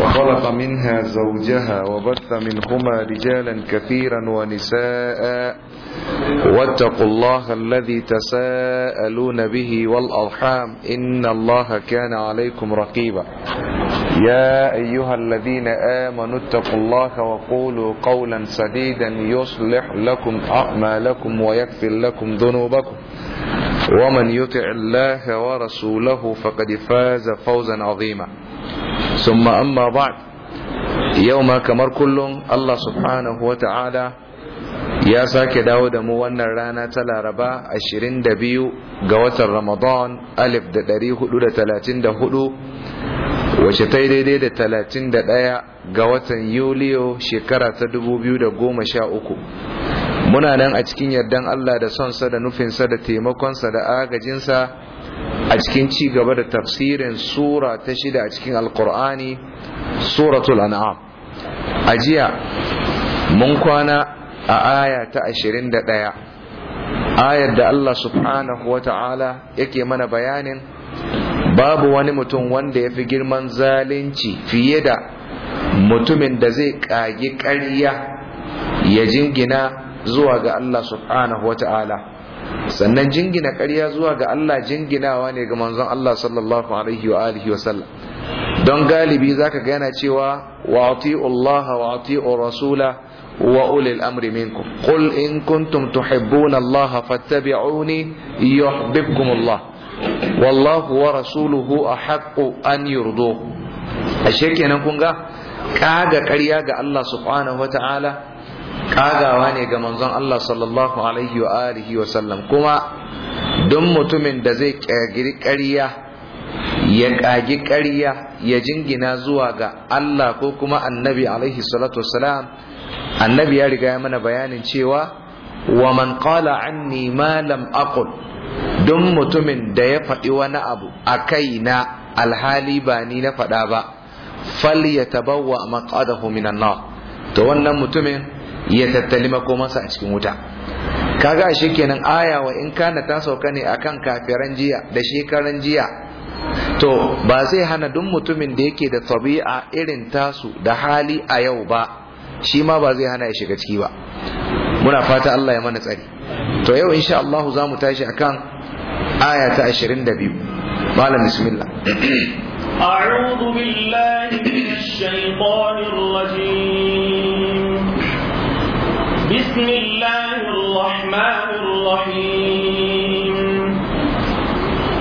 وخلق منها زوجها وبث منهما رجالا كثيرا ونساء واتقوا الله الذي تساءلون به والأرحام إن الله كان عليكم رقيبا يا أيها الذين آمنوا اتقوا الله وقولوا قولا سديدا يصلح لكم أعمالكم ويكفر لكم ذنوبكم ومن يطع الله ورسوله فقد فاز فوزا عظيما ثم أما بعد يوم كمر Allah الله سبحانه وتعالى ya sake dawo da mu wannan rana ta laraba 22 ga watan ramadan 1434 wace ta daidai da 31 ga watan yuliyo shekara ta 2013 muna nan a cikin yardan allah da sonsa da nufinsa da taimakonsa da agajinsa a cikin ci gaba da tafsirin sura ta shida a cikin alkur'ani suratul an'am a jiya mun kwana a aya ta ashirin da ɗaya ayar da Allah subhanahu wa ta'ala yake mana bayanin babu wani mutum wanda ya fi girman zalunci fiye da mutumin da zai ƙagi ƙarya ya jingina zuwa ga Allah subhanahu wa ta'ala sannan jingina karya zuwa ga Allah jinginawa ne ga manzon Allah sallallahu alaihi wa alihi wa sallam don galibi zaka ga yana cewa wa ati'u Allah wa ati'u rasula wa ulil amri minkum qul in kuntum tuhibbuna Allah fattabi'uni yuhibbukum Allah wallahu wa rasuluhu ahaqqu an yurdu. ashe kenan kun ga kaga ƙarya ga Allah subhanahu wa ta'ala kagawa ne ga manzon Allah sallallahu alaihi wa alihi wa sallam kuma don mutumin da zai kagiri ƙarya ya kagi ƙarya ya jingina zuwa ga Allah ko kuma annabi alaihi salatu wasalam annabi ya riga ya mana bayanin cewa wa man qala anni ma lam aqul don mutumin da ya faɗi wani abu a kaina alhali ba ni na faɗa ba fal ya tabawa maqadahu minan nar to wannan mutumin ya tattali makomansa a cikin wuta kaga ashe kenan aya wa in kana ta sauka ne akan kafiran jiya da shekaran jiya to ba zai hana duk mutumin da yake da tabi'a irin tasu da hali a yau ba shi ma ba zai hana ya shiga ciki ba muna fata Allah ya mana tsari to yau insha Allah za mu tashi akan aya ta 22 malam bismillah a'udhu billahi minash shaitanir rajim بسم الله الرحمن الرحيم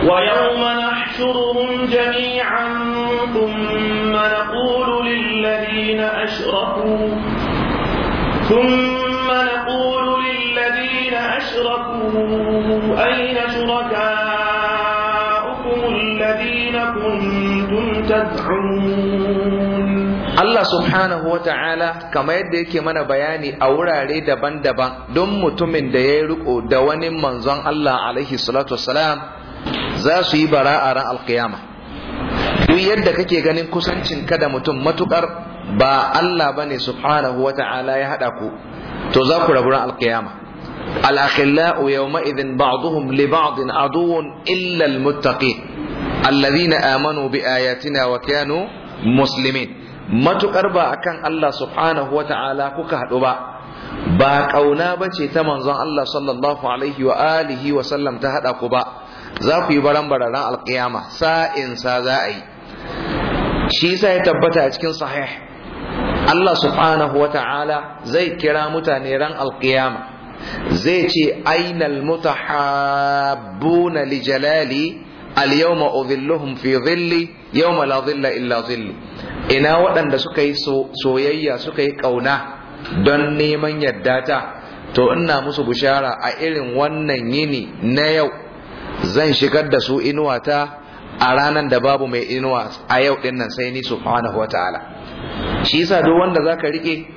ويوم نحشرهم جميعا ثم نقول للذين أشركوا ثم نقول للذين أشركوا أين شركاؤكم الذين كنتم تدعون Allah subhanahu wa ta'ala kamar yadda yake mana bayani a wurare daban-daban don mutumin da ya riko da wani manzon Allah alaihi salatu wassalam za su yi bara'a ran alkiyama duk yadda kake ganin kusancin ka da mutum matukar ba Allah bane subhanahu wa ta'ala ya haɗa ku to za ku rabu ran alkiyama al-akhillau yawma idhin ba'dhum li ba'din aduwwun illa al-muttaqin alladhina amanu bi ayatina wa kanu muslimin matukar ba akan Allah subhanahu wa ta'ala kuka haɗu ba ba ƙauna ba ce ta manzon Allah sallallahu alaihi wa alihi wa sallam ta haɗa ku ba za ku yi baran bararan alƙiyama sa'in sa za a yi shi sa ya tabbata a cikin sahih Allah subhanahu wa ta'ala zai kira mutane ran alƙiyama zai ce ainal mutahabbuna li jalali al-yawma udhilluhum fi dhilli yawma la dhilla illa dhillu ina waɗanda suka yi soyayya suka yi ƙauna don neman yadda ta to ina musu bushara a irin wannan yini na yau zan shigar da su inuwata a ranar da babu mai inuwa a yau din nan sai ni subhanahu wa ta'ala shi yasa duk wanda zaka rike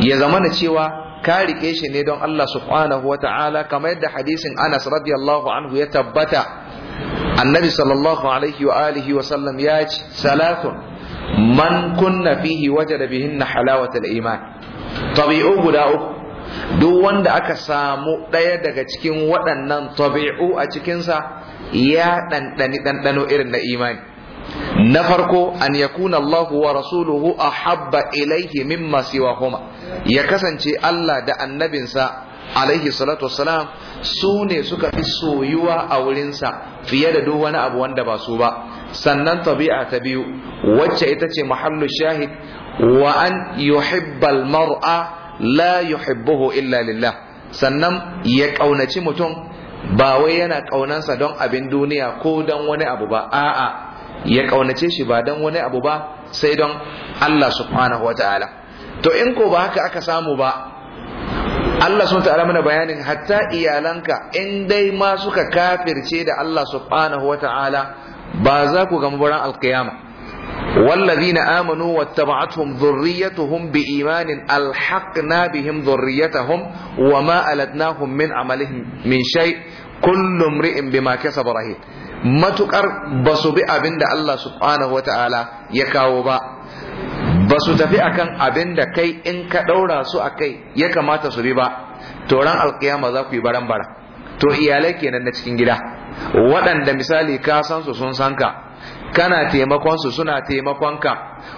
ya zama na cewa ka rike shi ne don Allah subhanahu wa ta'ala kamar yadda hadisin Anas radiyallahu anhu ya tabbata annabi sallallahu alaihi wa alihi wa sallam ya ce salatun man kunna fihi wajada bihinna halawatal iman tabi'u guda uku duk wanda aka samu ɗaya daga cikin waɗannan tabi'u a cikinsa ya ɗanɗani ɗanɗano irin na imani na farko an Allah wa rasuluhu ahabba ilaihi mimma siwahuma ya kasance Allah da annabinsa alaihi salatu wassalam su ne suka fi soyuwa a wurinsa fiye da duk wani abu wanda ba su ba sannan tabi'a ta biyu wacce ita ce mahallu shahid wa an yuhibbal mar'a la yuhibbuhu illa lillah sannan ya kaunaci mutum ba wai yana kaunansa don abin duniya ko don wani abu ba a'a ya kaunace shi ba don wani abu ba sai don Allah subhanahu wataala to in ko ba haka aka samu ba Allah subhanahu ta'ala mana bayanin hatta iyalanka in dai ma suka kafirce da Allah subhanahu ba za ku gamu baran alkiyama والذين آمنوا واتبعتهم ذريتهم بإيمان ألحقنا بهم ذريتهم وما ألدناهم من عملهم من شيء كل امرئ بما كسب رهين matukar ba su bi abin da Allah subhanahu ya kawo ba ba su tafi akan abin da kai in ka ɗaura su a kai ya kamata su bi ba to ran alkiyama za ku yi baran bara to iyalai kenan na cikin gida waɗanda misali ka san su sun san ka kana taimakon su suna taimakon ka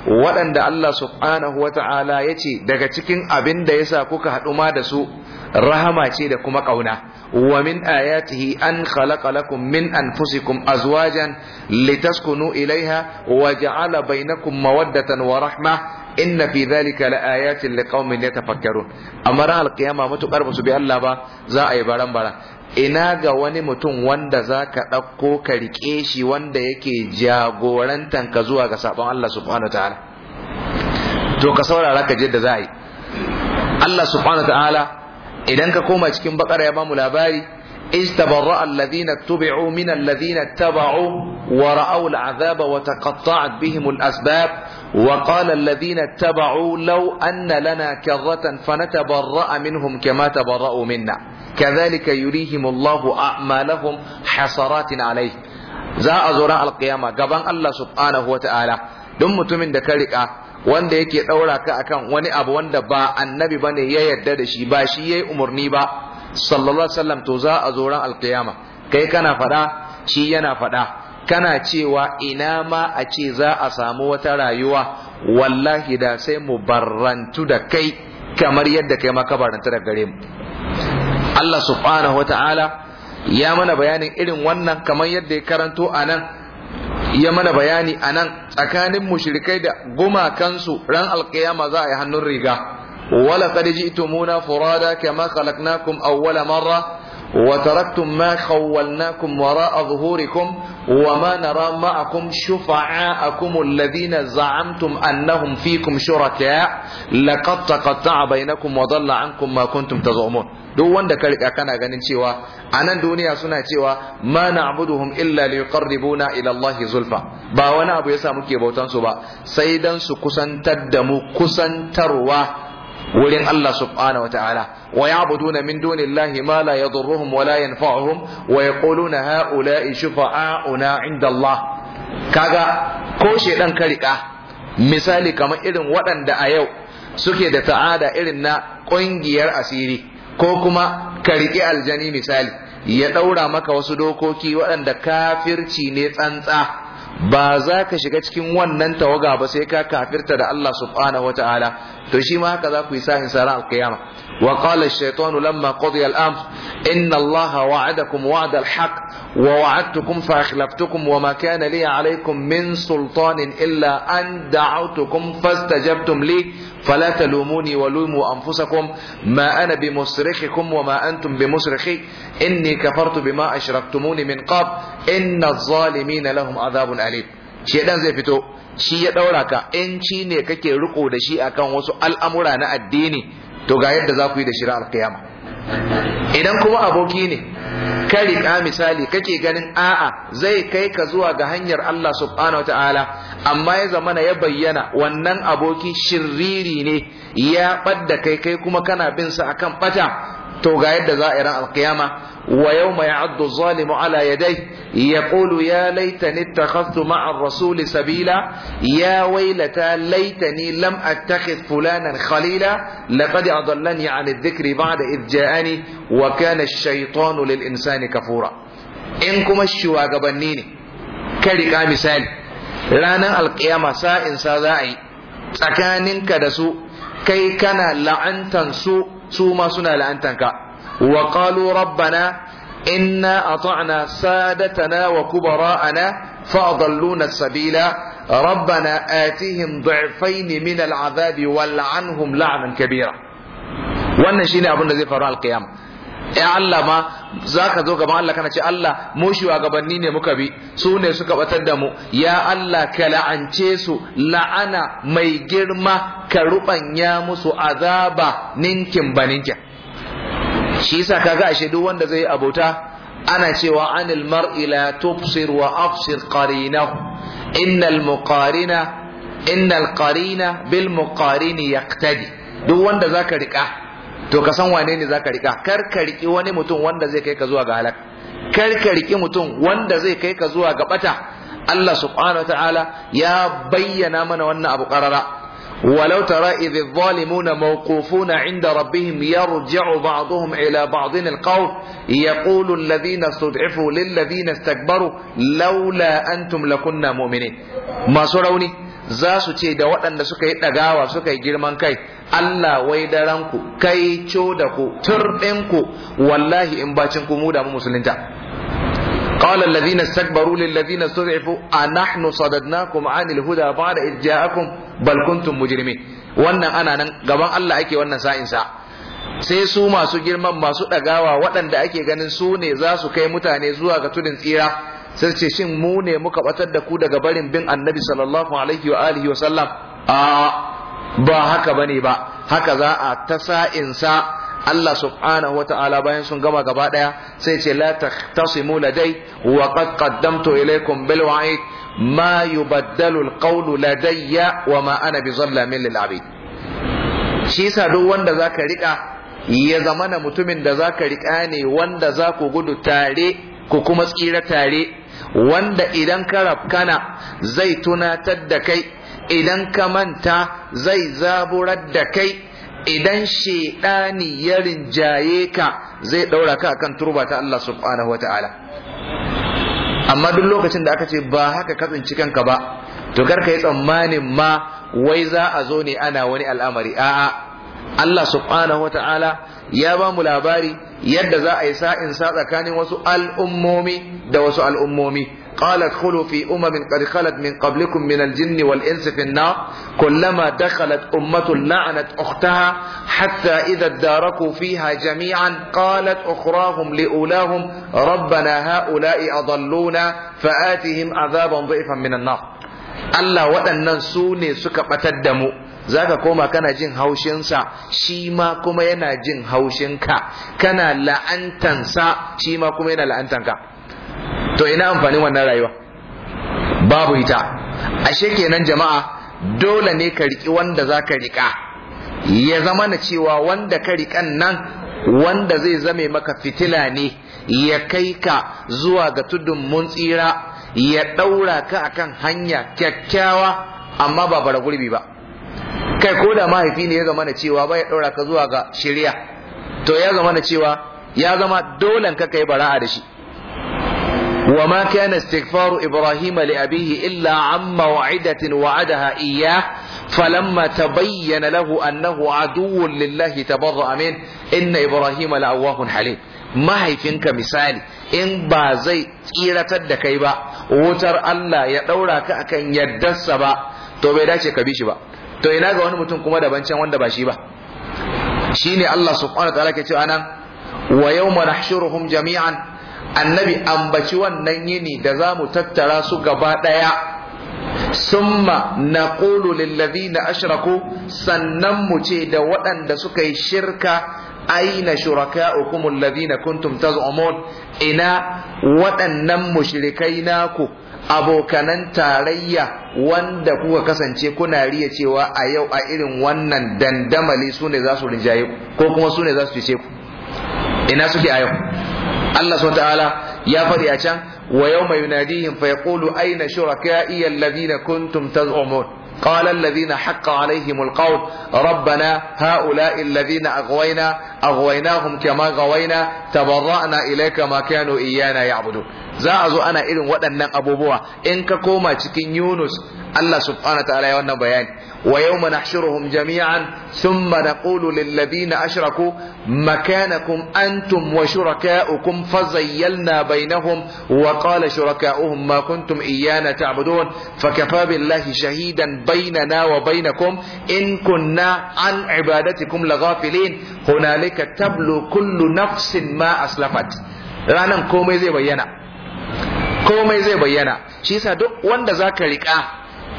waɗanda Allah subhanahu wata'ala ya ce daga cikin abin da yasa kuka haɗu ma da su rahama ce da kuma ƙauna wa min ayatihi an khalaqa lakum min anfusikum azwajan litaskunu ilaiha wa ja'ala bainakum mawaddatan wa rahma inna fi dhalika laayatin liqaumin yatafakkarun amma ran alqiyama mutukar musu bi Allah ba za a yi baran bara ina ga wani mutum wanda za ka ɗauko ka riƙe shi wanda yake jagorantan ka zuwa ga sabon Allah subhanahu ta'ala to ka saurara ka je da za a yi Allah subhanahu ta'ala idan ka koma cikin bakara ya bamu labari istabarra alladhina tubi'u min alladhina taba'u wa ra'aw al'azaba wa taqatta'at bihim al'asbab wa qala alladhina taba'u law anna lana karratan fanatabarra'a minhum kama tabarra'u minna kadhalika yurihimullahu a'malahum hasaratin alai za a zo ran alqiyama gaban Allah subhanahu wataala don mutumin da ka rika wanda yake daura ka akan wani abu wanda ba annabi bane ya yarda da shi ba shi yayi umurni ba sallallahu alaihi wasallam to za a zo ran alkiyama kai kana fada shi yana fada kana cewa ina ma a ce za a samu wata rayuwa wallahi da sai mu barrantu da kai kamar yadda kai ma ka barranta da gare mu Allah subhanahu wata'ala ya mana bayanin irin wannan kamar yadda ya karanto a nan ya mana bayani a nan tsakanin mushrikai da gumakansu ran alkiyama za a yi hannun riga wala qad ji'tumuna furada kama khalaqnakum awwala marra وتركتم ما خولناكم وراء ظهوركم وما نرى معكم شفعاءكم الذين زعمتم أنهم فيكم شركاء لقد تقطع بينكم وضل عنكم ما كنتم تزعمون duk wanda ka riƙa kana ganin cewa a nan duniya suna cewa ma na'buduhum illa liqarribuna ila Allah zulfa ba wani abu yasa muke bautan su ba sai dan su kusantar da mu kusantarwa wurin Allah subhanahu wa ta'ala wa ya na min lahi ma la yadurruhum wa la yanfa'uhum wa yaquluna ha'ula'i shufa'auna 'inda Allah kaga ko shedan ka misali kamar irin waɗanda a yau suke da ta'ada irin na ƙungiyar asiri ko kuma ka aljani misali ya ɗaura maka wasu dokoki waɗanda kafirci ne tsantsa ba za ka shiga cikin wannan tawaga ba sai ka kafirta da Allah subhanahu ta'ala. تشيم هكذا كيساه سراء القيامة وقال الشيطان لما قضي الأمر إن الله وعدكم وعد الحق ووعدتكم فأخلفتكم وما كان لي عليكم من سلطان إلا أن دعوتكم فاستجبتم لي فلا تلوموني ولوموا أنفسكم ما أنا بمصرخكم وما أنتم بمصرخي إني كفرت بما أشركتموني من قبل إن الظالمين لهم عذاب أليم dan zai fito shi ya daura ka yanci ne kake riko da shi akan wasu al'amura na addini to ga yadda za ku yi da shira alkiyama idan kuma aboki ne ka riƙa misali kake ganin a'a zai kai ka zuwa ga hanyar Allah subhanahu wataala amma ya zamana ya bayyana wannan aboki shiriri ne ya ɓadda kai kai kuma kana bin sa akan bata to ga yadda za a yi ran alkiyama ويوم يعض الظالم على يديه يقول يا ليتني اتخذت مع الرسول سبيلا يا ويلتى ليتني لم اتخذ فلانا خليلا لقد اضلني عن الذكر بعد اذ جاءني وكان الشيطان للانسان كفورا ان كما الشواغبني ne kai misali ranar alkiyama sa'in sa za a yi tsakaninka da su kai kana la'antan su su ma suna la'antanka wa qalu rabbana inna ata'na sadatana wa kubara'ana fa adalluna sabila ربنا آتهم ضعفين من العذاب والعنهم لعنا كبيرا wannan shine abin da zai faru alkiyama ya Allah ma za ka zo gaban Allah kana ce Allah mu shugabanni ne muka bi su ne suka batar da mu ya Allah ka la'ance su la'ana mai girma ka rubanya musu azaba ninkin baninkin shi yasa kaga ashe duk wanda zai abota ana cewa anil mar'i la tubsir wa afsir qarinahu innal muqarina innal qarina bil muqarini yaqtadi duk wanda zaka rika to ka san wane ne zaka rika kar ka riki wani mutum wanda zai kai ka zuwa ga halaka kar ka riki mutum wanda zai kai ka zuwa ga bata Allah subhanahu wa ta'ala ya bayyana mana wannan abu qarara ولو ترى إذ الظالمون موقوفون عند ربهم يرجع بعضهم إلى بعض القول يقول الذين استضعفوا للذين استكبروا لولا أنتم لكنا مؤمنين ما rauni, za su ce da waɗanda suka yi ɗagawa suka yi girman kai Allah wai daranku kai co da ku turɗinku wallahi in bacin ku mu da mu musulunta قال الذين استكبروا للذين استضعفوا أنحن صددناكم عن الهدى بعد إذ جاءكم بل كنتم مجرمين wannan ana nan gaban Allah ake wannan sa'in sa sai su masu girman masu ɗagawa waɗanda ake ganin su ne za su kai mutane zuwa ga tudun tsira sai ce shin mu ne muka batar da ku daga barin bin annabi sallallahu alaihi wa alihi wa a ba haka bane ba haka za a ta sa'in sa Allah subhanahu wata'ala bayan sun gama gaba daya sai ce la tahtasimu ladai wa qad qaddamtu ilaykum bil wa'id ma yubaddalu al qawlu ladayya wa ma ana bi zallamin lil abid shi yasa duk wanda zaka rika ya zamana mutumin da zaka rika ne wanda za ku gudu tare ku kuma tsira tare wanda idan ka rafkana zai tunatar da kai idan ka manta zai zaburar da kai idan shaidani ya rinjaye ka zai ɗaura ka akan turba ta Allah subhanahu wa ta'ala amma duk lokacin da aka ce ba haka ka tsinci kanka ba to kar ka yi tsammanin ma wai za a zo ne ana wani al'amari a'a Allah subhanahu wa ta'ala ya ba mu labari yadda za a yi sa'in sa tsakanin wasu al'ummomi da wasu al'ummomi قالت خلوا في أمم قد خلت من قبلكم من الجن والإنس في النار كلما دخلت أمة لعنت أختها حتى إذا اداركوا فيها جميعا قالت أخراهم لأولاهم ربنا هؤلاء أضلونا فآتهم عذابا ضعفا من النار Allah waɗannan su ne suka ɓatar da mu za ka koma kana jin haushinsa shi ma kuma yana jin haushinka kana la'antansa shi ma kuma yana la'antanka to ina amfanin wannan rayuwa babu ita ashe kenan jama'a dole ne ka riki wanda za ka rika ya zama na cewa wanda ka riƙan nan wanda zai zame maka fitila ne ya kai ka zuwa ga tudun mun tsira ya ɗaura ka akan hanya kyakkyawa amma ba bara gurbi ba kai ko da mahaifi ne ya zama na cewa ba ya ɗaura ka zuwa ga shirya to ya zama na cewa ya zama dolen ka kai bara'a da shi وما كان استغفار إبراهيم لأبيه إلا عن موعدة وعدها إياه فلما تبين له أنه عدو لله تبرأ منه إن إبراهيم لأواه حليم mahaifinka misali in ba zai tsiratar da kai ba wutar Allah ya ɗaura ka akan yardarsa ba to bai dace ka bi shi ba to ina ga wani mutum kuma daban can wanda ba shi ba shine Allah subhanahu wa ta'ala ke cewa nan wa yawma nahshuruhum jami'an annabi ambaci wannan yini da za mu tattara su gaba ɗaya summa na lillazi na ashraku sannan mu ce da waɗanda suka yi shirka aina shuraka shuraka'ukum alladhina kuntum taz'umun ina waɗannan mushrikai naku abokanan tarayya wanda kuka kasance kuna riya cewa a yau a irin wannan dandamali su ne za su rinjaye ko kuma su ne za su ce ku ina suke a yau الله سبحانه وتعالى يا فري ويوم يناديهم فيقول أين شركائي الذين كنتم تزعمون قال الذين حق عليهم القول ربنا هؤلاء الذين أغوينا أغويناهم كما غوينا تبرأنا إليك ما كانوا إيانا يعبدون za a zo ana irin waɗannan abubuwa in ka koma cikin Yunus Allah subhanahu wa ta'ala ya wannan bayani wa yawma nahshuruhum jami'an thumma naqulu lil ladina ashraku makanakum antum wa shurakaukum fazayyalna bainahum wa qala shurakauhum ma kuntum iyyana ta'budun fakafa billahi shahidan bainana wa bainakum in kunna an ibadatikum laghafilin hunalika tablu kullu nafsin ma aslafat ranan komai zai bayyana komai zai bayyana shi yasa duk wanda zaka rika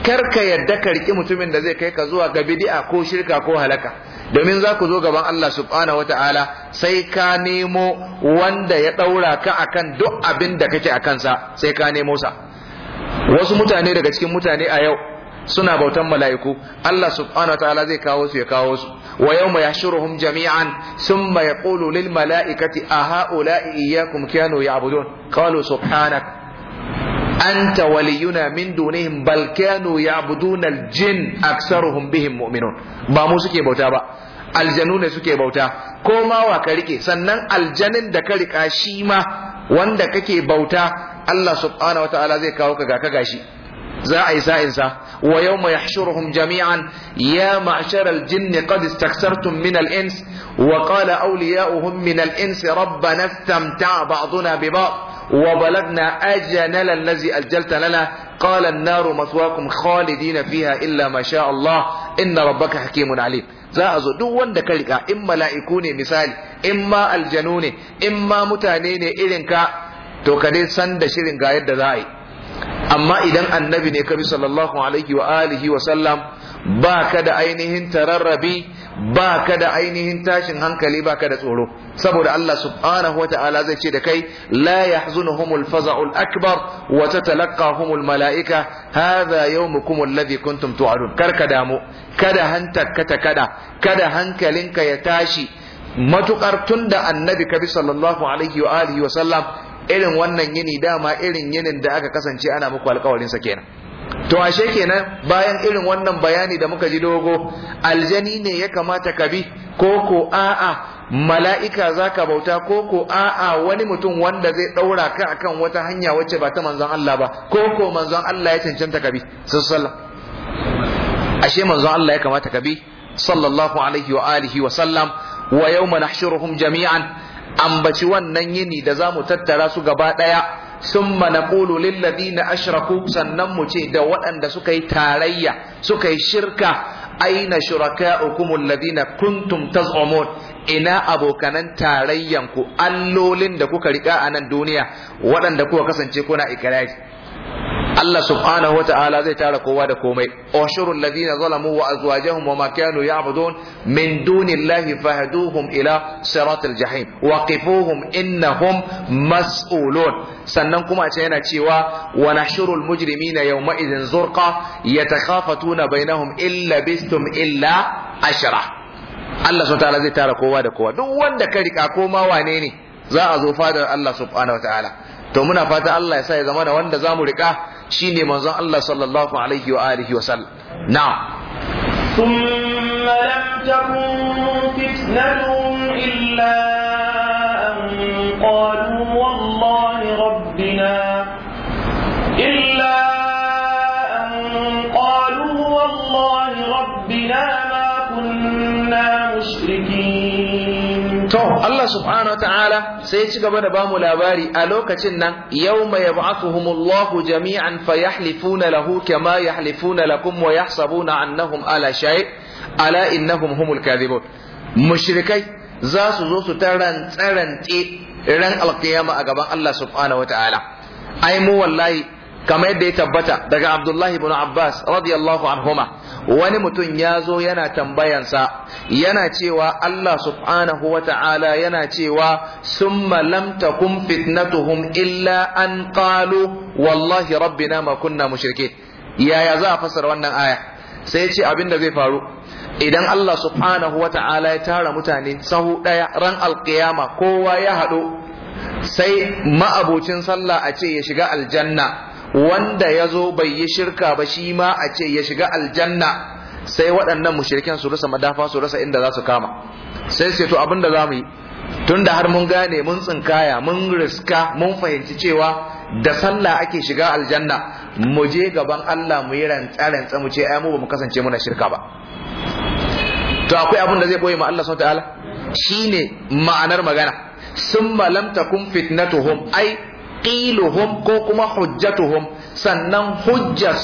kar ka yarda ka riki mutumin da zai kai ka zuwa ga bid'a ko shirka ko halaka domin za ku zo gaban Allah subhanahu wataala sai ka nemo wanda ya daura ka akan duk abin da kake akan sa sai ka nemo sa wasu mutane daga cikin mutane a yau suna bautan mala'iku Allah subhanahu wataala zai kawo su ya kawo su wa yawma yashuruhum jami'an thumma yaqulu lil mala'ikati a ha'ula'i iyyakum kanu ya'budun qalu subhanak anta waliyuna min dunihim bal kanu ya'buduna al-jin aktsaruhum bihim ba mu suke bauta ba aljanu ne suke bauta ko ma wa ka rike sannan aljanin da ka rika shi ma wanda kake bauta Allah subhanahu wataala zai kawo ka ga ka gashi za a yi sa wa yau mai yahshuruhum jami'an ya masharar aljin qad istaksartum min al-ins wa qala awliya'uhum min al-ins rabbana istamta'a ba'duna bi ba'd وبلغنا أجلنا الذي أجلت لنا قال النار مثواكم خالدين فيها إلا ما شاء الله إن ربك حكيم عليم za a zo duk wanda ka rika in mala'iku ne misali in ma aljanu ne in ma mutane ne irin ka to ka dai san da shirin ga yadda za a yi amma idan annabi ne kabi sallallahu alaihi wa alihi wa sallam ba ka da ainihin tararrabi ba ka da ainihin tashin hankali ba ka da tsoro saboda Allah subhanahu wata'ala zai ce da kai la yahzunuhumul faza'ul akbar wa tatalaqahumul malaika hadha yawmukum alladhi kuntum tu'adun kar ka damu kada hantarka ta kada kada hankalinka ya tashi matukar tunda annabi kabi sallallahu alaihi wa alihi wa sallam irin wannan yini dama irin yinin da aka kasance ana muku alƙawarin sa kenan to ashe kenan bayan irin wannan bayani da muka ji dogo aljani ne ya kamata ka bi ko ko a'a mala'ika za ka bauta ko ko a'a wani mutum wanda zai ɗaura ka akan wata hanya wacce ba ta manzon Allah ba ko ko manzon Allah ya cancanta ka bi ashe manzon Allah ya kamata ka bi sallallahu alaihi wa alihi wa sallam wa yawma nahshuruhum jami'an ambaci wannan yini da za mu tattara su gaba ɗaya. summa naqulu lil ladina ashraku sannan mu ce da waɗanda suka yi tarayya suka yi shirka aina shurakaukum alladina kuntum tazumun ina abokanan tarayyan ku allolin da kuka riƙa a nan duniya waɗanda kuka kasance kuna ikirari Allah subhanahu wata'ala zai tara kowa da komai ushurul ladina zalamu wa azwajahum wa ma kanu ya'budun min dunillahi fahduhum ila siratil jahim waqifuhum innahum mas'ulun sannan kuma ce yana cewa wa nashurul mujrimina yawma idhin zurqa yatakhafatuna bainahum illa bistum illa ashara Allah subhanahu wata'ala zai tara kowa da kowa duk wanda ka rika ko ma wane ne za a zo fadar Allah subhanahu wata'ala to muna fata Allah ya sa ya zama da wanda zamu rika shine manzon Allah sallallahu alaihi wa alihi wa sallam na'am thumma lam takun fitnatun illa an qalu wallahi rabbina illa an qalu wallahi rabbina ma kunna mushrikin Allah subhanahu wa ta'ala sai ya ci gaba da bamu labari a lokacin nan yawma yab'athuhumullahu jami'an fayahlifuna lahu kama yahlifuna lakum wa yahsabuna annahum ala shay ala innahum humul kadhibun mushrikai za su zo su taran tsarante ran alqiyama a gaban Allah subhanahu wa ta'ala ai mu wallahi kamar yadda ya tabbata daga Abdullahi ibn Abbas radiyallahu anhuma wani mutum ya zo yana tambayansa yana cewa Allah subhanahu wa ta'ala yana cewa summa kun takum fitnatuhum illa an qalu wallahi rabbina ma kunna mushrikeen yaya za a fasara wannan aya sai ya ce abin da zai faru idan Allah subhanahu wa ta'ala ya tara mutane sahu ɗaya ran alƙiyama kowa ya haɗu sai ma'abocin sallah a ce ya shiga aljanna wanda ya zo bai yi shirka ba shi ma a ce ya shiga aljanna sai waɗannan mushirikin su rasa madafa su rasa inda za su kama sai sai to abin da za mu yi tun da har mun gane mun tsinkaya mun riska mun fahimci cewa da sallah ake shiga aljanna mu je gaban Allah mu yi rantsa mu ce ai mu ba mu kasance muna shirka ba to akwai abin da zai boye ma Allah subhanahu ta'ala shine ma'anar magana summa lam takun fitnatuhum ai qiluhum ko kuma hujjatuhum sannan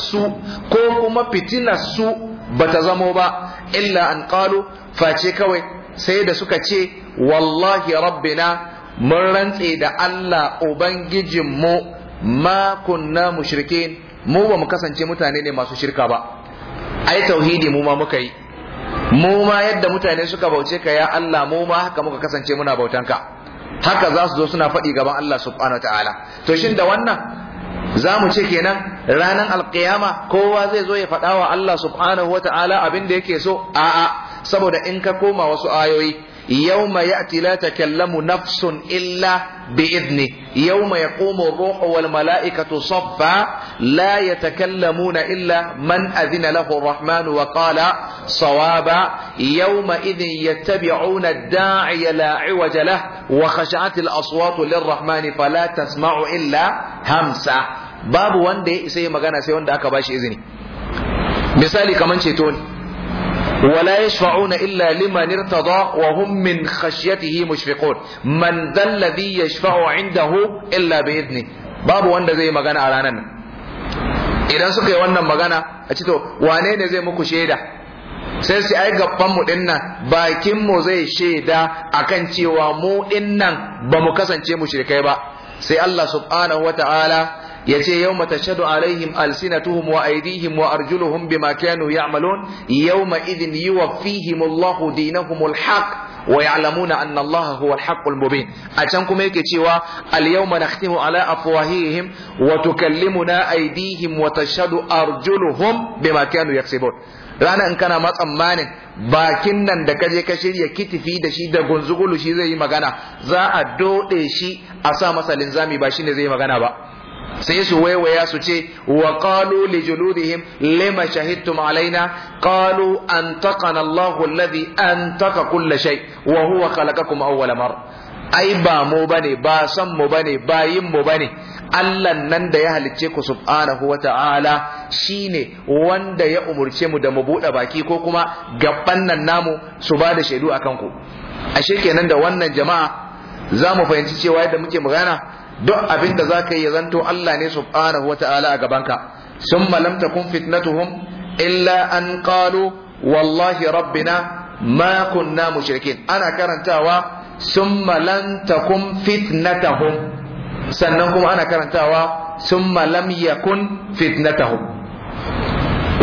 su ko kuma fitinarsu su bata zamo ba illa an qalu face kawai sai da suka ce wallahi rabbina mun rantse da Allah ubangijinmu ma kunna mushrikin mu ba mu kasance mutane ne masu shirka ba ai tauhidi mu ma muka yi mu ma yadda mutane suka bauce ka ya Allah mu ma haka muka kasance muna bautanka haka za su zo suna faɗi gaban Allah subhanahu ta'ala to shin da wannan za mu ce kenan ranar alkiyama kowa zai zo ya faɗa wa Allah subhanahu wa ta'ala abin da yake so a'a saboda in ka koma wasu ayoyi يوم يأتي لا تكلم نفس إلا بإذنه يوم يقوم الروح والملائكة صفا لا يتكلمون إلا من أذن له الرحمن وقال صوابا يومئذ يتبعون الداعي لا عوج له وخشعت الأصوات للرحمن فلا تسمع إلا همسة باب وندي سي مغانا سي وندا أكباش إذني مثالي كمان شيتوني ولا يشفعون إلا لمن ارتضى وهم من خشيته مشفقون من ذا الذي يشفع عنده إلا بإذنه باب وند زي ما قال على idan suka yi wannan magana a ci to wane ne zai muku shaida sai su ai gaban mu dinnan bakin mu zai shaida akan cewa mu dinnan ba mu kasance mushrikai ba sai Allah subhanahu Ta'ala. yace yawma tashhadu alaihim alsinatuhum wa aydihim wa arjuluhum bima kanu ya'malun yawma wa yuwaffihim Allahu dinahumul haqq ويعلمون أن الله هو الحق المبين أتنكم يكتوا اليوم نختم على أفواههم وتكلمنا wa tashadu أرجلهم بما كانوا يكسبون rana in kana ma tsammanin bakin nan da kaje ka shirya kitifi da shi da gunzugulu shi zai yi magana za a dode shi a sa masa linzami ba shine zai yi magana ba sai su waiwaya su ce wa qalu li juludihim lima shahidtum alaina qalu antaqana Allahu alladhi antaqa kull shay wa huwa khalaqakum awwala mar ai ba mu bane ba san mu bane ba yin mu bane Allah nan da ya halicce ku subhanahu wa ta'ala shine wanda ya umurce mu da mu bude baki ko kuma gaban nan namu su ba da shaidu akan ku ashe kenan da wannan jama'a za mu fahimci cewa yadda muke magana duk abin da zaka yi zanto Allah ne subhanahu wata'ala a gabanka summa lam takun fitnatuhum illa an qalu wallahi rabbina ma kunna mushrikin ana karantawa summa lam takun fitnatahum sannan kuma ana karantawa summa lam yakun fitnatahum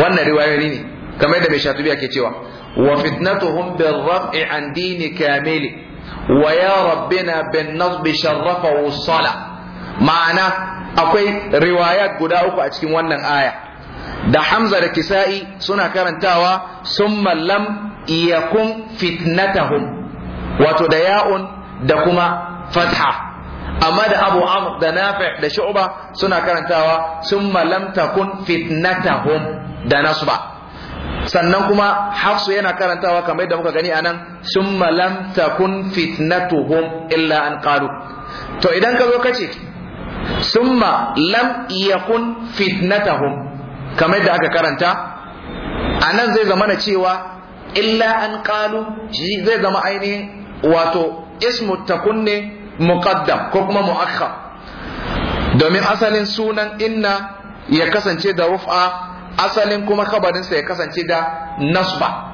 wannan riwayoyi ne kamar yadda mai shatubi ke cewa wa fitnatuhum bil rab'i an dini kamili ويا ربنا بالنصب شرفه الصلاه ma'ana akwai riwayat guda uku a cikin wannan aya da hamza da kisa'i suna karantawa sun mallam iyakun fitnatahun wato da ya'un da kuma fatha amma da abu amr da nafi da sha'uba suna karantawa summa lam takun fitnatahun da nasba sannan kuma hafsu yana karantawa kamar da muka gani anan summa lam takun fitnatahun illa an karu to idan ka zo ka ce summa lam yakun fitnatahum kamar yadda aka karanta a nan zai zama na cewa illa an kalu zai zama ainihin wato ismu takunne muqaddam ko kuma mu'akhkhar domin asalin sunan inna ya kasance da rufa asalin kuma kabarinsa ya kasance da nasba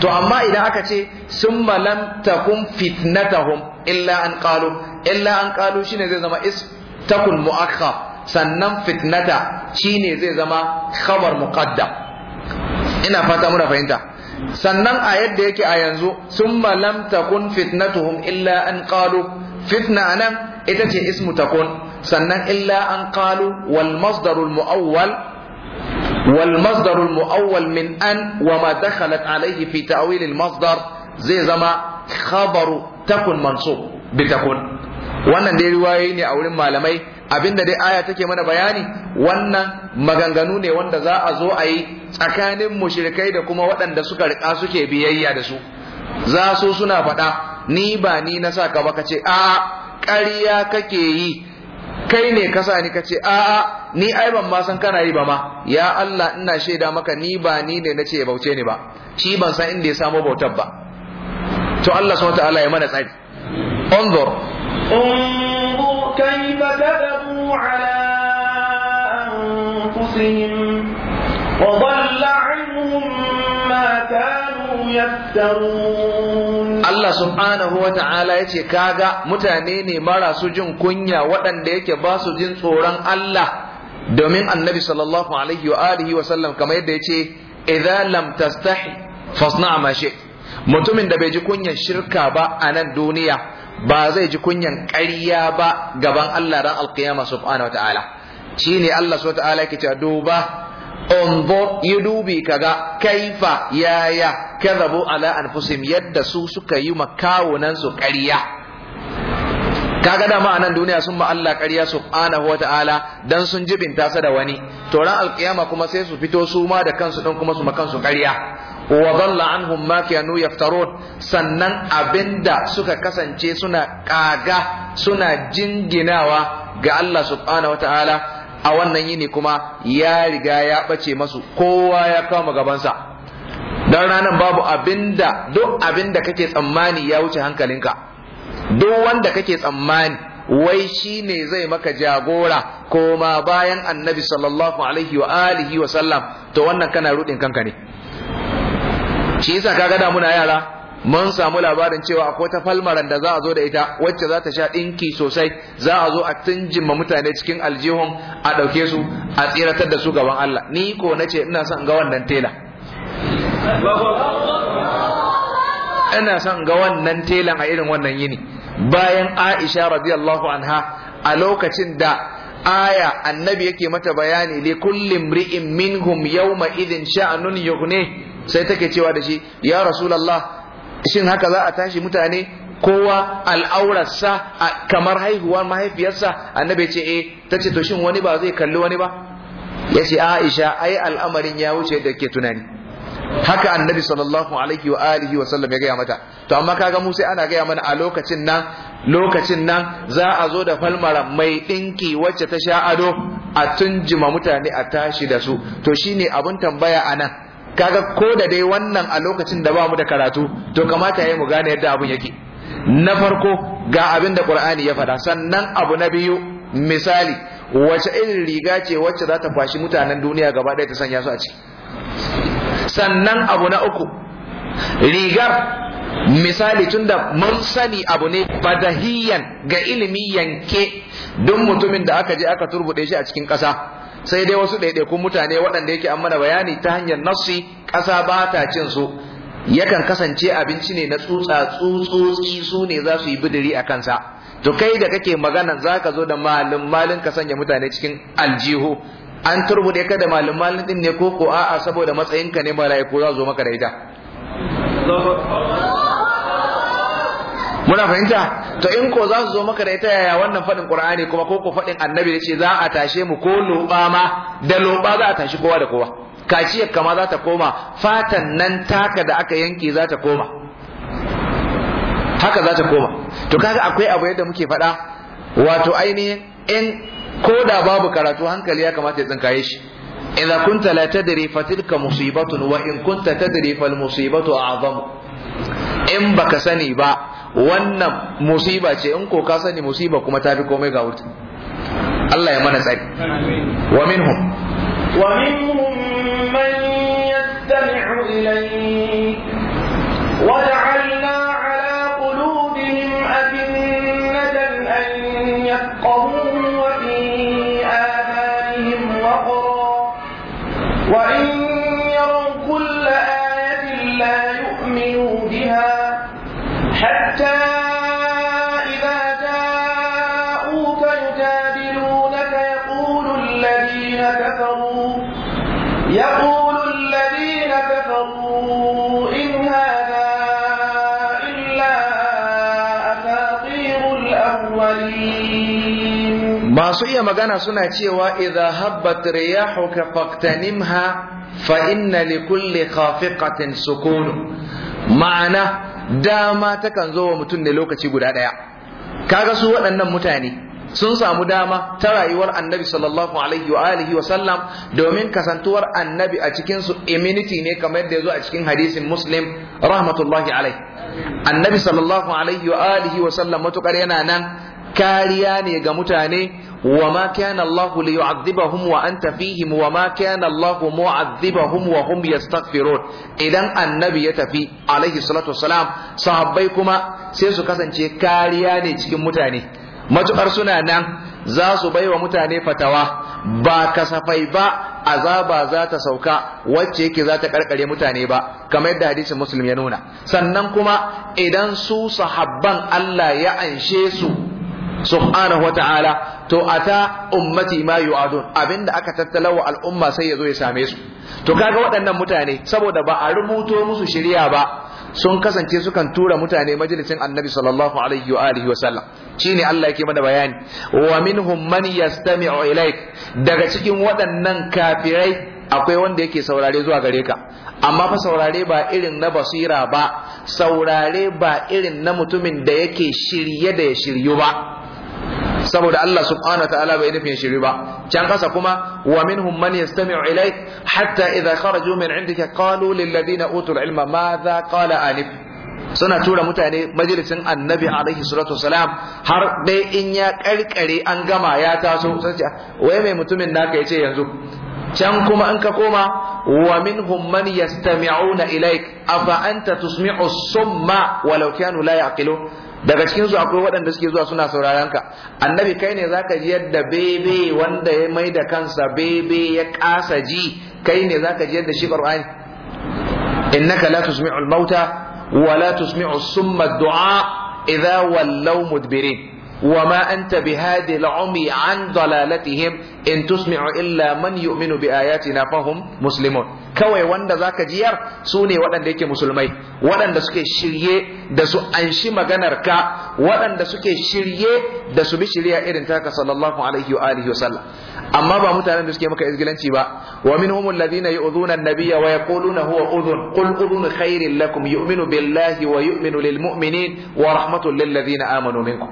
to amma idan aka ce summa lam takun fitnatahum illa an qalu illa an qalu shine zai zama ism takun mu'akhkhar sannan fitnata shine zai zama khabar muqaddam ina fata muna fahimta sannan a yadda yake a yanzu sun lam takun fitnatuhum illa an qalu fitna anan ita ce ismu takun sannan illa an qalu wal masdarul muawwal wal muawwal min an wa ma dakhalat alayhi fi ta'wil al masdar zai zama khabaru takun mansub bi takun wannan dai riwayoyi ne a wurin malamai abinda dai aya take mana bayani wannan maganganu ne wanda za a zo a yi tsakanin mushrikai da kuma waɗanda suka riƙa suke biyayya da su za su suna faɗa ni ba ni na sa ka ba ce a ƙarya kake yi kai ne ka sa ni ce a ni ai ban ma san kana yi ba ma ya Allah ina shaida maka ni ba ni ne nace ya bauce ni ba shi ban san inda ya samo bautar ba to Allah subhanahu wa ta'ala ya mana tsari anzur انظر كيف كذبوا على أنفسهم وضل عنهم ما كانوا يفترون Allah subhanahu wa ta'ala ya ce, Kaga mutane ne marasu jin kunya waɗanda yake basu jin tsoron Allah domin annabi sallallahu alaihi wa alihi wa sallam kamar yadda ya ce, Idan lam tastahi fasna mutumin da bai ji kunyan shirka ba a nan duniya ba zai ji kunyan ƙarya ba gaban Allah ran alƙiyama subhanahu shi ne Allah subhanahu wataala ke ce duba unzur yi dubi kaga kaifa yaya kadhabu ala anfusihim yadda su suka yi makawunan su ƙarya kaga dama a nan duniya sun ma Allah ƙarya subhanahu wa ta'ala dan sun jibinta sa da wani to ran alƙiyama kuma sai su fito su ma da kansu don kuma su kansu ƙarya wa dhalla anhum ma kanu yaftarun sannan abinda suka kasance suna kaga suna jinginawa ga Allah subhanahu wataala a wannan yini kuma ya riga ya bace masu kowa ya kama gabansa dan ranar babu abinda duk abinda kake tsammani ya wuce hankalinka duk wanda kake tsammani wai shi ne zai maka jagora koma bayan annabi sallallahu alaihi wa alihi wa sallam to wannan kana rudin kanka ne shi yasa kaga da muna yara mun samu labarin cewa akwai ta falmaran da za a zo da ita wacce za ta sha dinki sosai za a zo a ma mutane cikin aljihun a ɗauke su a tsiratar da su gaban Allah ni ko nace ce ina son ga wannan tela ina son ga wannan telan a irin wannan yini bayan Aisha radiyallahu anha a lokacin da aya annabi yake mata bayani li kulli ri'in minhum yawma idhin sha'nun yughni sai take cewa da shi ya rasulullah shin haka za a tashi mutane kowa al'aurarsa kamar haihuwa mahaifiyarsa annabi ce eh tace to shin wani ba zai kalli wani ba yace Aisha ai al'amarin ya wuce da ke tunani haka annabi sallallahu alaihi wa alihi wa sallam ya gaya mata to amma kaga mu sai ana gaya mana a lokacin nan lokacin nan za a zo da falmara mai dinki wacce ta sha ado a tunjima mutane a tashi da su to shine abun tambaya anan kaga ko da dai wannan a lokacin da ba mu da karatu to kamata yayi mu gane yadda abun yake na farko ga abin da qur'ani ya faɗa sannan abu na biyu misali wace irin riga ce wacce za ta fashi mutanen duniya gaba ɗaya ta sanya su a ciki sannan abu na uku rigar misali tunda mun sani abu ne badahiyan ga ilimi yanke duk mutumin da aka je aka turbude shi a cikin ƙasa sai dai wasu ɗaiɗaikun mutane waɗanda yake an mana bayani ta hanyar nassi ƙasa ba ta cin su yakan kasance abinci ne na tsutsa tsutsotsi su ne za su yi bidiri a kansa to kai da kake magana za ka zo da malin malin ka sanya mutane cikin aljihu an turbude ka da malin malin din ne ko ko a'a saboda matsayinka ne mala'iku za zo maka da ita muna fahimta to in ko za su zo maka da ita yaya wannan faɗin qur'ani kuma ko ko fadin annabi da ce za a tashe mu ko loba ma da loba za a tashi kowa da kowa kaciyar kama za ta koma fatan nan taka da aka yanke za ta koma haka za ta koma to kaga akwai abu yadda muke faɗa wato ainihin in ko da babu karatu hankali ya kamata ya tsinkaye shi idza kunta la tadri fatilka musibatun wa in kunta tadri fal musibatu a'zamu in baka sani ba wannan musiba ce in ko ka sani musiba kuma ta fi komai ga wuta Allah ya mana tsari wa minhum wa minhum man yastami'u ilayk wa ja'alna ala qulubihim akinnatan an yafqahu iya magana suna cewa idza habbat riyahuka faqtanimha fa inna likulli khafiqatin sukun ma'ana dama takan zo wa mutum ne lokaci guda daya kaga su waɗannan mutane sun samu dama ta rayuwar annabi sallallahu alaihi wa alihi wa sallam domin kasantuwar annabi a cikin su immunity ne kamar yadda yazo a cikin hadisin muslim rahmatullahi alaihi annabi sallallahu alaihi wa alihi wa sallam matukar yana nan kariya ne ga mutane wa ma kana Allahu li yu'adhibahum wa anta fihim wa ma kana Allahu mu'adhibahum wa hum yastaghfirun idan annabi ya tafi alaihi salatu wassalam sahabbai kuma sai su kasance kariya ne cikin mutane matukar suna nan za su bai mutane fatawa ba kasafai ba azaba za ta sauka wacce yake za ta karkare mutane ba kamar yadda hadisin muslim ya nuna sannan kuma idan su sahabban Allah ya anshe su subhanahu wata'ala to ata ummati ma yu'adun abinda aka tattalawa al'umma sai ya zo ya same su to kaga waɗannan mutane saboda ba a rubuto musu shirya ba sun kasance sukan tura mutane majalisin annabi sallallahu alaihi wa alihi wa sallam shine Allah yake mana bayani wa minhum man yastami'u ilaik daga cikin waɗannan kafirai akwai wanda yake saurare zuwa gare ka amma fa saurare ba irin na basira ba saurare ba irin na mutumin da yake shirye da ya shiryu ba saboda Allah subhanahu ta'ala bai nufin shiri ba can kasa kuma wa minhum man yastami'u ilayk hatta idza kharaju min indika qalu lil ladina utul ilma madha qala anif suna tura mutane majalisin annabi alaihi salatu salam har dai in ya karkare an gama ya taso sai wai mai mutumin naka yace yanzu can kuma in ka koma ومنهم من يستمعون إليك أفأنت تسمع الصم ولو كانوا لا يعقلون daga cikin su akwai waɗanda suke zuwa suna sauraron ka annabi kai ne zaka ji yadda bebe wanda ya mai da kansa bebe ya kasa ji kai ne zaka ji yadda shi qur'ani innaka la tusmi'u al-mauta wa la tusmi'u summa ad-du'a idha wallaw mudbirin وما أنت بهادي العمي عن ضلالتهم إن تسمع إلا من يؤمن بآياتنا فهم مسلمون كوي وند ذاك جير سوني ودن ديك مسلمي ودن دسك شريه دسو أنشي مغنرك ودن دسك شريه دسو بشريه إرن تاك صلى الله عليه وآله وسلم أما با متعلم دسك يمكا إزجلنشي با ومنهم الذين يؤذون النبي ويقولون هو أذن قل أذن خير لكم يؤمن بالله ويؤمن للمؤمنين ورحمة للذين آمنوا منكم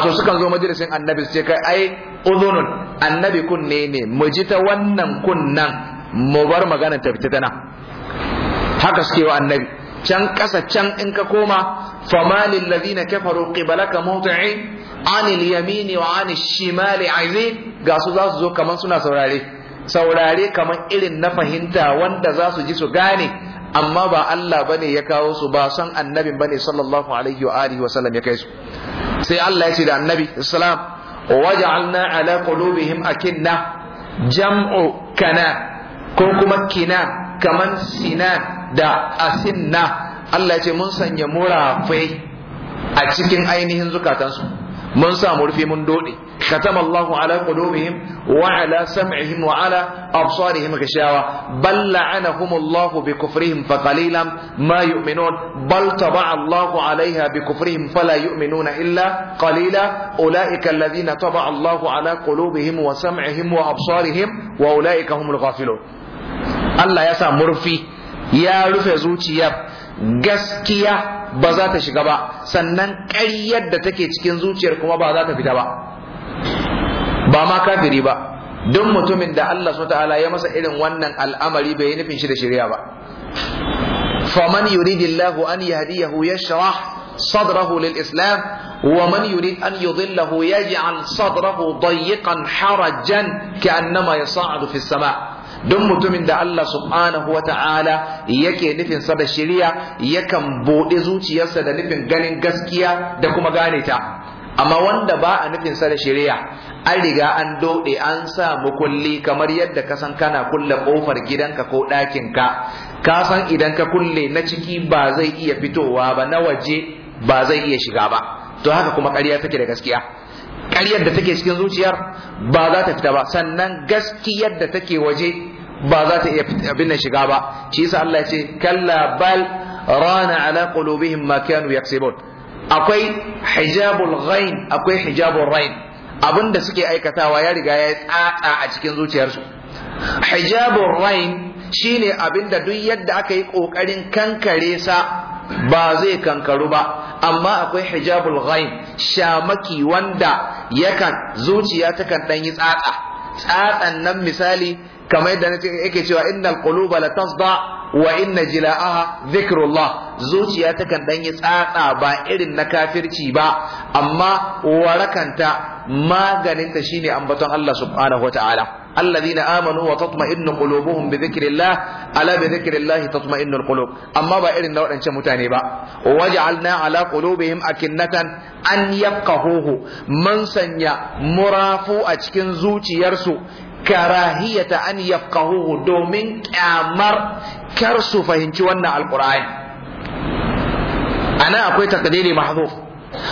wato sukan zo majalisin annabi su ce kai ai uzunun annabi kunne ne mu ji ta wannan kunnan mu bar magana ta fita tana haka suke wa annabi can kasa can in ka koma famalil ladina kafaru qibalaka muti'in ani yamini wa ani shimali azin ga su za su zo kaman suna saurare saurare kaman irin na fahimta wanda za su ji su gane amma ba Allah bane ya kawo su ba san annabin bane sallallahu alaihi wa alihi wa sallam ya kai su sai Allah ya ce da annabi islam waja'alna ala qulubihim akinna jam'o kana ko kuma kina kaman sinan da asinna Allah ya ce mun sanya murafai a cikin ainihin zukatansu mun samu murfi mun dode khatama Allahu ala qulubihim wa ala sam'ihim wa ala absarihim ghishawa bal bi kufrihim fa qalilan ma yu'minun bal taba'a Allahu alaiha bi kufrihim fala yu'minuna illa qalila ulaika alladhina taba'a Allahu ala qulubihim wa sam'ihim wa absarihim wa ulaika humul ghafilun Allah ya sa murfi ya rufe zuciyar gaskiya ba za ta shiga ba sannan ƙaryar da take cikin zuciyar kuma ba za ta fita ba ba ma kafiri ba don mutumin da Allah ta'ala ya masa irin wannan al'amari bai nufin shi da shirya ba faman yuridillahu an yahdiyahu yashrah صدره للإسلام ومن يريد أن يضله يجعل صدره ضيقا حرجا كأنما يصعد في السماء don mutumin da Allah subhanahu wa ta'ala yake nufin sa da shirya yakan buɗe zuciyarsa da nufin ganin gaskiya da kuma gane ta amma wanda ba a nufin sa da shirya an riga an doɗe an sa mukulli kamar yadda ka san kana kulle ƙofar gidanka ko ɗakinka ka san idan ka kulle na ciki ba zai iya fitowa ba na waje ba zai iya shiga ba to haka kuma ƙarya take da gaskiya ƙaryar da take cikin zuciyar ba za ta fita ba sannan gaskiyar da take waje ba za ta iya abin da shiga ba shi yasa Allah ya ce kalla bal rana ala qulubihim ma kanu yaksibun akwai hijabul ghain akwai hijabul rain abin da suke aikatawa ya riga ya tsatsa a cikin zuciyarsu hijabul rain shine abinda duk yadda aka yi ƙoƙarin kankare sa ba zai kankaru ba amma akwai hijabul ghaib shamaki wanda yakan zuciya takan dan yi tsatsa tsatsan nan misali kamar yadda yake cewa innal quluba la tasda wa inna jila'aha dhikrullah zuciya takan dan yi tsatsa ba irin na kafirci ba amma warakanta maganinta shine ambaton Allah subhanahu wataala alladhina amanu wa tatma'innu qulubuhum bi dhikrillah ala bi dhikrillah tatma'innu alqulub amma ba irin na wadancan mutane ba waj'alna ala qulubihim akinnatan an yafqahuhu man sanya murafu a cikin zuciyarsu karahiyata an yafqahuhu domin kyamar kar su fahimci wannan alqur'ani ana akwai taqdiri mahdhuf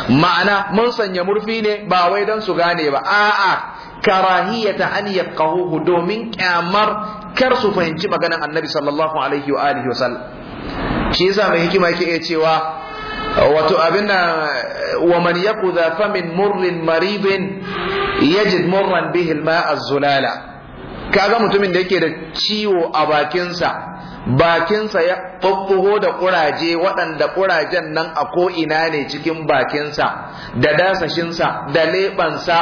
ma'ana mun sanya murfi ne ba wai don su gane ba a'a karahiyata an yaqahu domin kyamar kar su fahimci maganar annabi sallallahu alaihi wa alihi wasallam shi yasa mai hikima yake iya cewa wato abin famin murrin maridin yajid murran bihi al Azulala. Kaaga kaga mutumin da yake da ciwo a bakinsa bakinsa ya ɓaɓɓugo da ƙuraje waɗanda ƙurajen nan a ko'ina ne cikin bakinsa da dasashinsa da leɓansa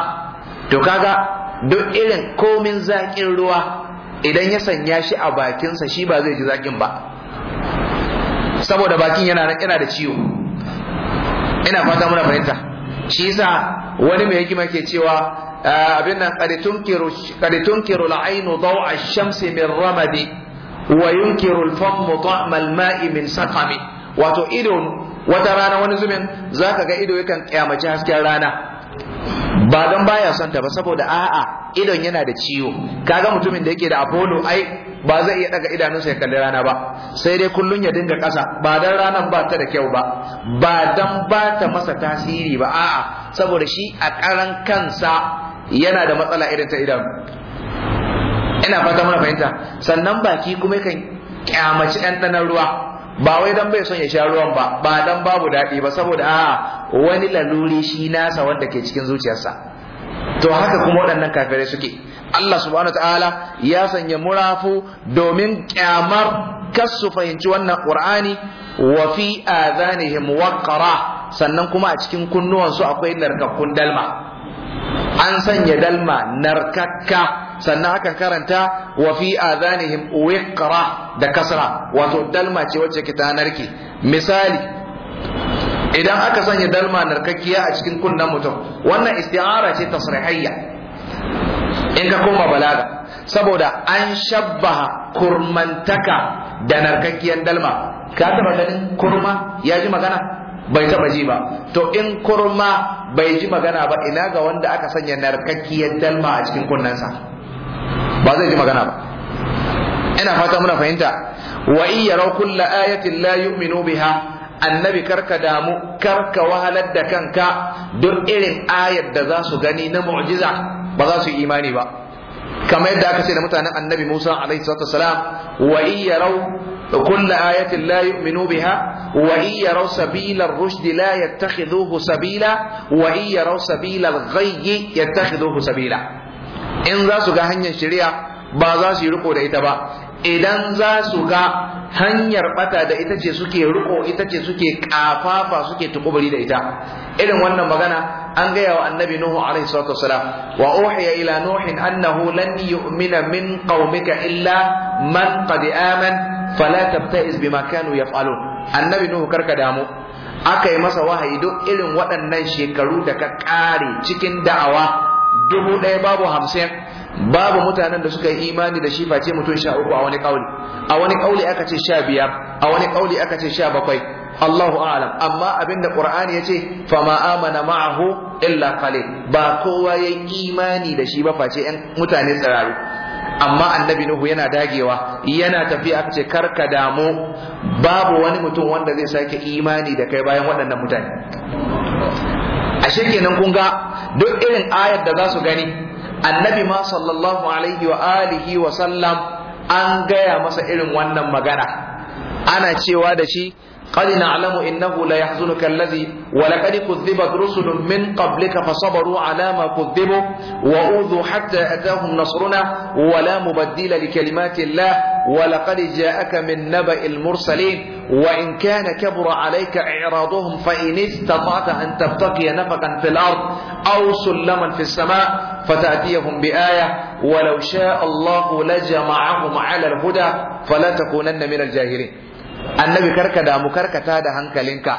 to kaga duk irin komin zaƙin ruwa idan ya sanya shi a bakinsa shi ba zai ji zaƙin ba saboda bakin yana da ciwo ina fata muna fahimta shi sa wani mai hikima ke cewa ah, abin nan qad tunkiru qad daw'a min ramadi wa yunkiru al-fammu ta'ma al-ma'i min saqami wato ido wata rana wani zubin zaka ga ido yakan kyamaci hasken rana ba dan baya son ta ba saboda a'a idon yana da ciwo kaga mutumin da yake da apollo ai ba zai iya daga idanunsa ya kalli rana ba sai dai kullun ya dinga kasa ba dan ranan ba ta da kyau ba ba dan ba ta masa tasiri ba a'a saboda shi a karan kansa yana da matsala irin ta idan ina fata muna fahimta sannan baki kuma kan kyamaci ɗanɗanon ruwa ba wai dan bai son ya sha ruwan ba ba dan babu daɗi ba saboda a wani laluri shi nasa wanda ke cikin zuciyarsa to haka kuma waɗannan kafirai suke Allah subhanahu ta'ala ya sanya murafu domin kyamar kas su fahimci wannan qur'ani wa fi adhanihim waqara sannan kuma a cikin kunnuwansu akwai narkakkun dalma an sanya dalma narkakka sannan aka karanta wa fi adhanihim wiqra da kasra wato dalma ce wacce ke ta narke misali idan aka sanya dalma narkakkiya a cikin kunnen mutum wannan isti'ara ce tasrihiyya in ka koma balaga saboda an shabbaha kurmantaka da narkakkiyar dalma ka taba ganin kurma ya ji magana bai taba ji ba to in kurma bai ji magana ba ina ga wanda aka sanya narkakkiyar dalma a cikin kunnensa ba zai ji magana ba ina fata muna fahimta wa in yara kulla ayatin la yu'minu biha annabi karka damu karka wahalar da kanka duk irin ayar da za su gani na mu'jiza ba za su yi imani ba kamar yadda aka ce da mutanen annabi Musa alaihi salatu wasalam wa in كل آية لا يؤمنوا بها وإن يروا سبيل الرشد لا يتخذوه سبيلا وإن يروا سبيل الغي يتخذوه سبيلا إن ذا سقى هنيا الشريعة ba za su yi riko da ita ba idan za su ga hanyar ɓata da ita ce suke riko ita ce suke kafafa suke tukubari da ita irin wannan magana an gayawa annabi nuhu alaihi salatu wasalam wa uhiya ila nuhin annahu lan yu'mina min qaumika illa man fala tabta'is bima kanu yaf'alun annabi nuhu karka damu aka yi masa wahayi duk irin waɗannan shekaru da ka ƙare cikin da'awa dubu ɗaya babu hamsin babu mutanen da suka yi imani da shi face mutum sha uku a wani ƙauli a wani ƙauli aka ce sha biyar a wani ƙauli aka ce sha bakwai Allahu a'lam amma abinda Qur'ani fa ma amana ma'ahu illa qalil ba kowa ya imani da shi ba face 'yan mutane tsiraru amma annabi nuhu yana dagewa yana tafiya aka ce karka damu babu wani mutum wanda zai sake imani da kai bayan waɗannan mutane a kenan kun ga duk irin ayar da za su gani annabi ma sallallahu alaihi wa alihi wa sallam an gaya masa irin wannan magana ana cewa da shi قد نعلم إنه لا يحزنك الذي ولقد كذبت رسل من قبلك فصبروا على ما كذبوا وأوذوا حتى أتاهم نصرنا ولا مبدل لكلمات الله ولقد جاءك من نبأ المرسلين وإن كان كبر عليك إعراضهم فإن استطعت أن تبتقي نفقا في الأرض أو سلما في السماء فتأتيهم بآية ولو شاء الله لجمعهم على الهدى فلا تكونن من الجاهلين annabi karka damu karkata da hankalinka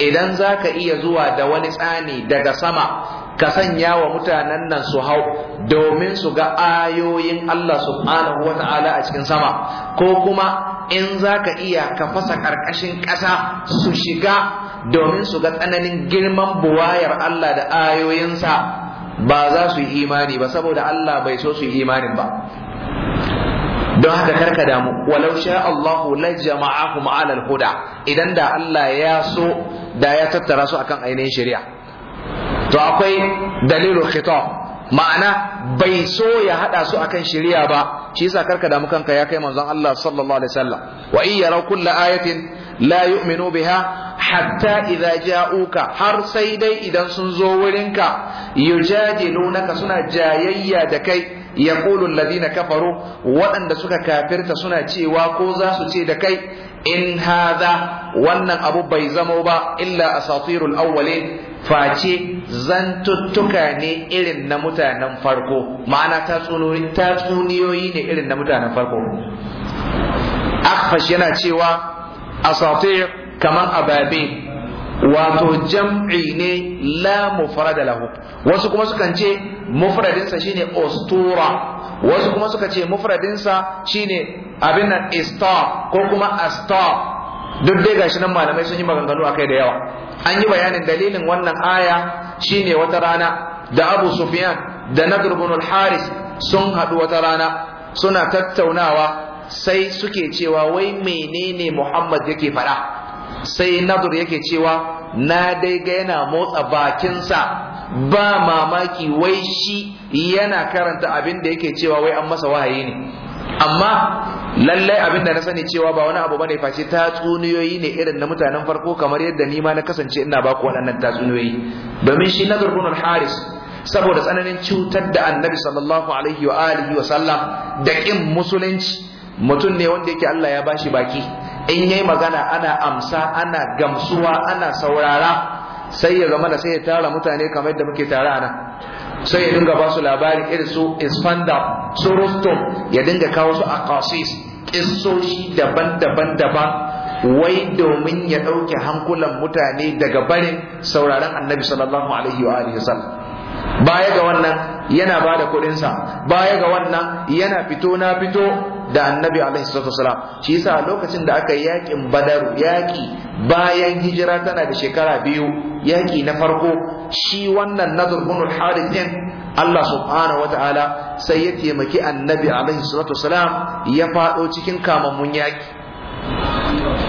idan za ka iya zuwa da wani tsani daga sama ka sanya wa mutanen nan su hau domin su ga ayoyin Allah subhanahu wa ta'ala a cikin sama ko kuma in za ka iya ka fasa ƙarƙashin ƙasa su shiga domin su ga tsananin girman buwayar Allah da ayoyinsa ba za su yi imani ba saboda Allah bai so su yi imanin ba don haka karka damu walau sha Allahu la jama'ahum ala al-huda idan da Allah ya so da ya tattara su akan ainihin shari'a to akwai dalilul khitab ma'ana bai so ya hada su akan shari'a ba shi yasa karka damu kanka ya kai manzon Allah sallallahu alaihi wasallam wa in yaraw kulla ayatin la yu'minu biha hatta idza ja'uka har sai dai idan sun zo wurinka yujadilunaka suna jayayya da kai ƙulu Ladina kafaru waɗanda suka kafirta suna cewa ko za su ce da kai in haza wannan abu bai zamo ba illa asatirul awwalin face zantuttuka ne irin na mutanen farko ma'ana tatsuniyoyi ne irin na mutanen farko akhfash yana cewa asatir kamar ababe wato jam'i ne la mufrada lahu wasu kuma sukan ce mufradinsa shine ostura wasu kuma suka ce mufradinsa shine abin nan istar ko kuma astar duk dai gashi nan malamai sun yi maganganu akai da yawa an yi bayanin dalilin wannan aya shine wata rana da Abu Sufyan da Nadr ibn al-Haris sun haɗu wata rana suna tattaunawa sai suke cewa wai menene Muhammad yake faɗa sai nadur yake cewa na dai ga yana motsa bakinsa ba mamaki wai shi yana karanta abin da yake cewa wai an masa wahayi ne amma lallai abin da na sani cewa ba wani abu bane face tatsuniyoyi ne irin na mutanen farko kamar yadda ni ma na kasance ina ba baku waɗannan tatsuniyoyi domin shi nadur bin al-haris saboda tsananin cutar da annabi sallallahu alaihi wa alihi wa sallam da kin musulunci mutum ne wanda yake Allah ya bashi baki in yi magana ana amsa ana gamsuwa ana saurara sai ya zama da sai ya tara mutane kamar yadda muke tare a nan sai ya dinga ba su labarin irin su isfanda su rustum ya dinga kawo su akasis kisoshi daban-daban daban wai domin ya ɗauke hankulan mutane daga barin sauraron annabi sallallahu alaihi wa alihi baya ga wannan yana ba da kuɗinsa baya ga wannan yana fito na fito da annabi alaihi wasalam shi yasa lokacin da aka yi yakin badar yaki bayan hijira tana da shekara biyu yaki na farko shi wannan nazar bin al-harith din Allah subhanahu wataala sai ya taimaki annabi alaihi wasalam ya fado cikin kamammun yaki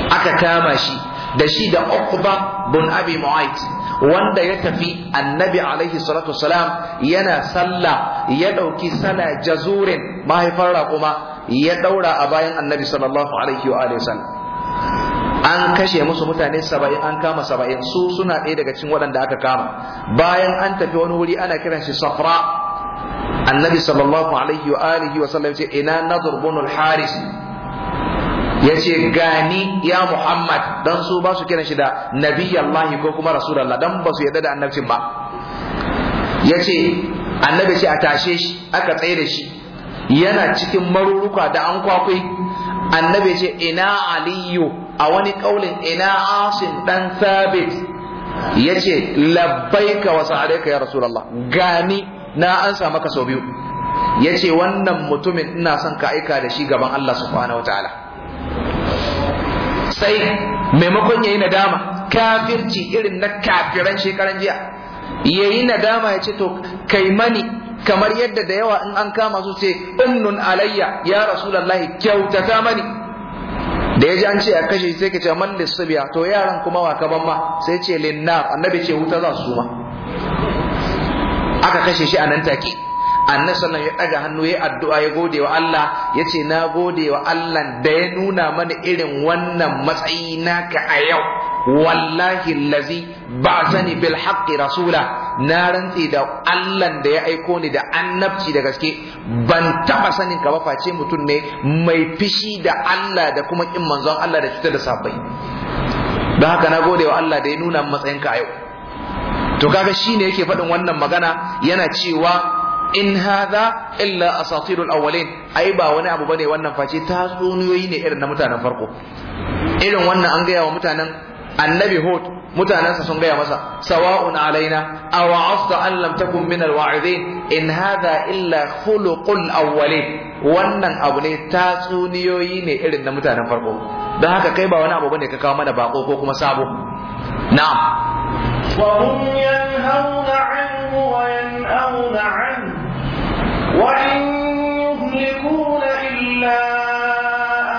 aka kama shi da shi da Uqba bin Abi Mu'ayt wanda ya tafi Annabi alaihi salatu wasalam yana sallah ya dauki sana jazurin mahaifar raƙuma ya daura a bayan Annabi sallallahu alaihi wa alihi an kashe musu mutane saba'in an kama saba'in su suna ɗaya daga cikin waɗanda aka kama bayan an tafi wani wuri ana kiran shi safra annabi sallallahu alaihi wa alihi wa sallam ce ina nadr bin al haris ya ce gani ya Muhammad don su ba su kiran shi da nabiyallahi ko kuma Rasulallah dan ba su yarda da annabcin ba ya ce annabi ce a tashe shi aka tsaye da shi yana cikin maruruka da an kwakwai annabi ce ina aliyu a wani kaulin ina asin dan sabit ya ce labbaika wasu alaika ya Rasulallah gani na an maka sau biyu ya ce wannan mutumin ina son ka aika da shi gaban Allah subhanahu wa ta'ala sai maimakon yayi nadama kafirci irin na kafiran shekaran jiya yayi nadama ya ce to kai mani kamar yadda da yawa in an kama su ce innun alayya ya rasulullahi kyautata mani da ya ji an ce a kashe sai ka ce man to yaran kuma wa kaban ma sai ce linnar annabi ce wuta za su ma aka kashe shi a nan take annabi sallallahu ya daga hannu ya addu'a ya gode wa Allah ya ce na gode wa Allah da ya nuna mana irin wannan matsayi naka a yau wallahi allazi ba'sani bil haqqi rasula na rantse da Allah da ya aiko ni da annabci da gaske ban taba sanin ka ba face mutum ne mai fishi da Allah da kuma kin manzon Allah da cutar da sabai don haka na gode wa Allah da ya nuna matsayinka a yau to kaga shine yake faɗin wannan magana yana cewa in hadha illa asatirul awwalin ai ba wani abu bane wannan face tatsuniyoyi ne irin na mutanen farko irin wannan an gaya wa mutanen annabi hud mutanensa sun gaya masa sawa'un alaina aw asta an lam takun min alwa'idin in hadha illa khuluqul awwalin wannan abu ne tatsuniyoyi ne irin na mutanen farko don haka kai ba wani abu bane ka kawo mana bako ko kuma sabo na'am wa hum yanhauna anhu wa yanhauna anhu وإن يهلكون إلا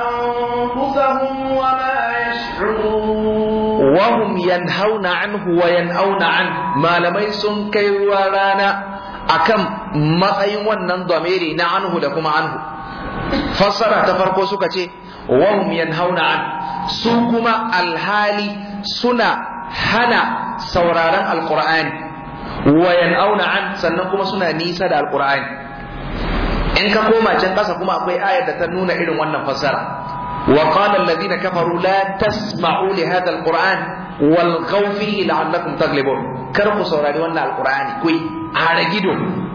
أنفسهم وما يشعرون وهم ينهون عنه وينأون عنه ما لم يسن كي ورانا akan matsayin wannan domeri na anhu da kuma anhu fassara ta farko suka ce wahum yanhauna su kuma alhali suna hana sauraron Alƙur'ani, wa sannan kuma suna nisa da alqur'ani in ka koma can ƙasa kuma akwai ayar da ta nuna irin wannan fassara wa qala alladhina kafaru la tasma'u li hadha alquran wal ghaw la'allakum taglibun kar ku saurari wannan alqurani ku haragido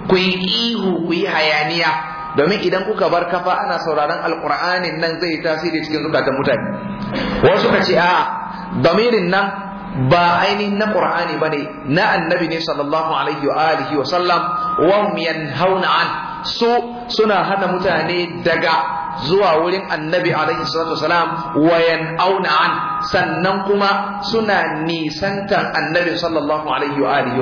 ku ihu kuyi hayaniya domin idan kuka bar kafa ana sauraron alqur'anin nan zai yi tasiri cikin zukatan mutane wasu ka ce a damirin nan ba ainihin na qur'ani bane na annabi ne sallallahu alaihi wa alihi wa sallam wa hum yanhauna an su suna hana mutane daga zuwa wurin annabi alaihi salatu wasalam wayan auna an sannan kuma suna nisantar annabi sallallahu alaihi wa alihi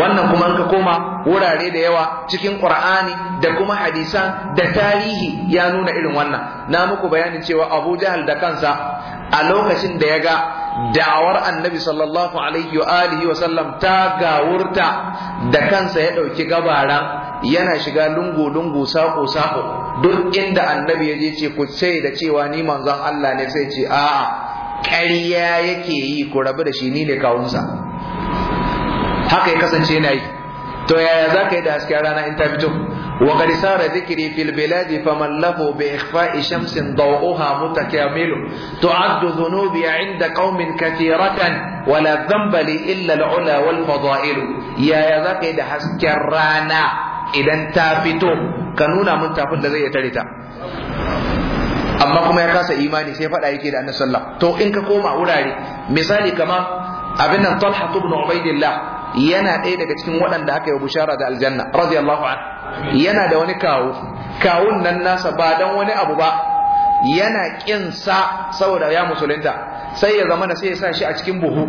wannan kuma ka koma wurare da yawa cikin qur'ani da kuma hadisan da tarihi ya nuna irin wannan na muku bayanin cewa abu jahal da kansa a lokacin da ya ga da'awar annabi sallallahu alaihi wa alihi wasallam ta gawurta da kansa ya ɗauki gabaran yana shiga lungu-lungu sako-sako duk inda annabi ya je ce ku sai da cewa ni manzon Allah ne sai ce a'a ƙarya yake yi ku rabu da shi ni ne kawunsa haka ya kasance yana yi to yaya za ka yi da hasken rana in ta fito wa qad sara dhikri fil biladi faman lahu bi ikhfa'i shamsin dawuha mutakamilu tu'addu dhunubi 'inda qaumin kathiratan wa la dhanba li illa al-'ula wal fada'ilu yaya za ka yi da hasken rana idan ta fito ka nuna mun tafin da zai iya tare ta amma kuma ya kasa imani sai faɗa yake da annabi sallallahu to in ka koma wurare misali kamar abin nan Talha ibn Ubaidillah yana ɗaya daga cikin waɗanda aka yi bushara da aljanna radiyallahu an yana da wani kawu kawun nan nasa ba dan wani abu ba yana kinsa saboda ya musulunta sai ya zama sai ya sa shi a cikin buhu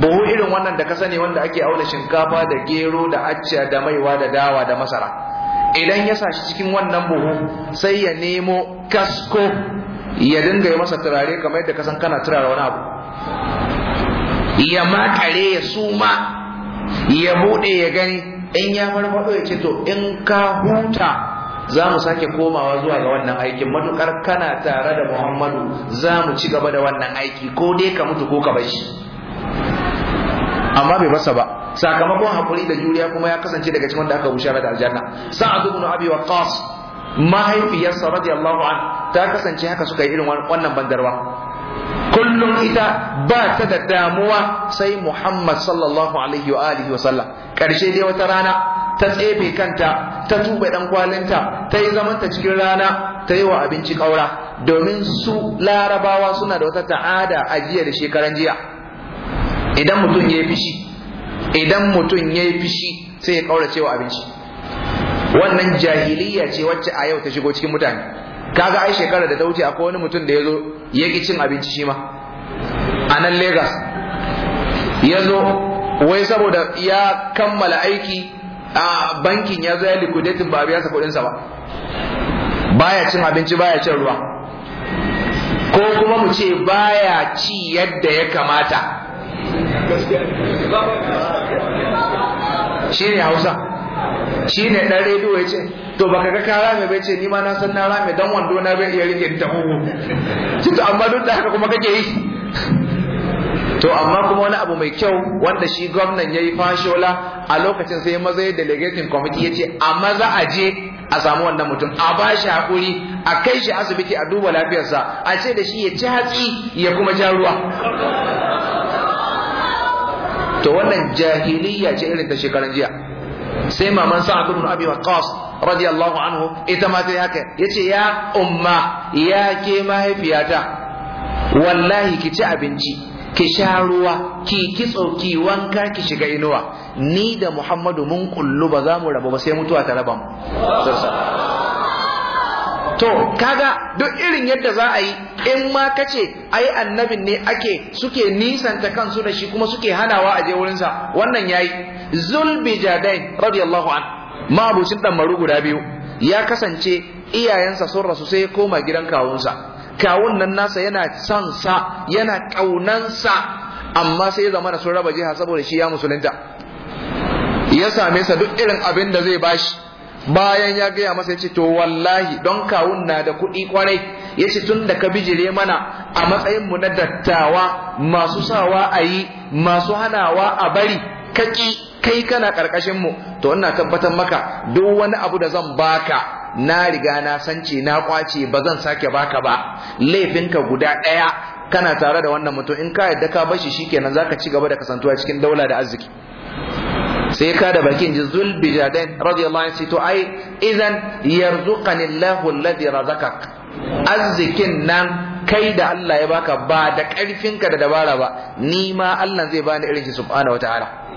buhu irin wannan da ka sani wanda ake auna shinkafa da gero da acca da maiwa da dawa da masara idan ya sa shi cikin wannan buhu sai ya nemo kasko ya dinga yi masa turare kamar yadda kasan kana turare wani abu ya makare ya suma ya bude ya gani in ya farfado ya ce to in ka huta za mu sake komawa zuwa ga wannan aikin matukar kana tare da muhammadu za mu ci gaba da wannan aiki ko dai ka mutu ko ka bashi amma bai basa ba sakamakon hakuri da juriya kuma ya kasance daga cikin da aka bushara da aljanna sa'ad ibn abi waqqas mahaifiyarsa radiyallahu an ta kasance haka suka yi irin wannan bandarwa kullum ita ba ta da damuwa sai Muhammad sallallahu alaihi wa alihi wa sallam karshe dai wata rana ta tsefe kanta ta tuba dan kwalinta ta yi zaman ta cikin rana ta yi wa abinci kaura domin su larabawa suna da wata ta'ada a jiya da shekaran jiya idan mutum ya yi fishi idan mutum ya yi fishi sai ya kaura cewa abinci wannan jahiliya ce wacce a yau ta shigo cikin mutane kaga ai shekara da ta wuce akwai wani mutum da ya zo ya ki cin abinci shi ma a nan Legas ya zo wai saboda ya kammala aiki a bankin ya zo ya liquidating ba biya sa ba baya cin abinci baya cin ruwa ko kuma mu ce baya ci yadda ya kamata shi ne hausa shi ne ɗan rediyo ya ce to baka ga ka rame bai ce ni ma na san na rame dan wando na bai iya rike ta hugu shi to amma duk da haka kuma kake yi to amma kuma wani abu mai kyau wanda shi gwamnan ya yi fashola a lokacin sai maza ya delegating committee ya ce a maza a je a samu wannan mutum a ba shi hakuri a kai shi asibiti a duba lafiyarsa a ce da shi ya ci hatsi ya kuma ja ruwa to wannan jahiliya ce irin ta shekaran jiya sai maman sa'ad ibn abi waqqas radiyallahu anhu ita ma ta haka yace ya umma ya ke mahaifiyata wallahi ki ci abinci ki sha ruwa ki kitso ki wanka ki shiga inuwa ni da muhammadu mun kullu ba za mu rabu ba sai mutuwa ta raba mu to kaga duk irin yadda za a yi in ma ka ce ai annabin ne ake suke nisanta kansu da shi kuma suke hanawa a je wurinsa wannan yayi jadai radiyallahu an mabucin dan maru guda biyu ya kasance iyayensa sun rasu sai ya koma gidan kawunsa kawun nan nasa yana son sa yana ƙaunansa amma sai ya zama da sun raba jiha saboda shi ya musulunta ya same sa duk irin abin da zai bashi bayan ya gaya masa ya yace to wallahi don kawun na da kuɗi kwarai yace tun da ka bijire mana a matsayin mu na dattawa masu sawa a yi masu hanawa a bari ka kaki kai kana karkashin mu to ina tabbatar maka duk wani abu da zan baka na riga na sance na kwace ba zan sake baka ba laifinka guda ɗaya kana tare da wannan mutum in ka yadda ka bashi shikenan zaka ci gaba da kasantuwa cikin daula da arziki sai ka da bakin ji zul bijadain radiyallahu anhu to ai idan yarzuqani Allahu alladhi razaqak arzikin nan kai da Allah ya baka ba da ƙarfinka da dabara ba ni ma Allah zai bani irin shi subhanahu wataala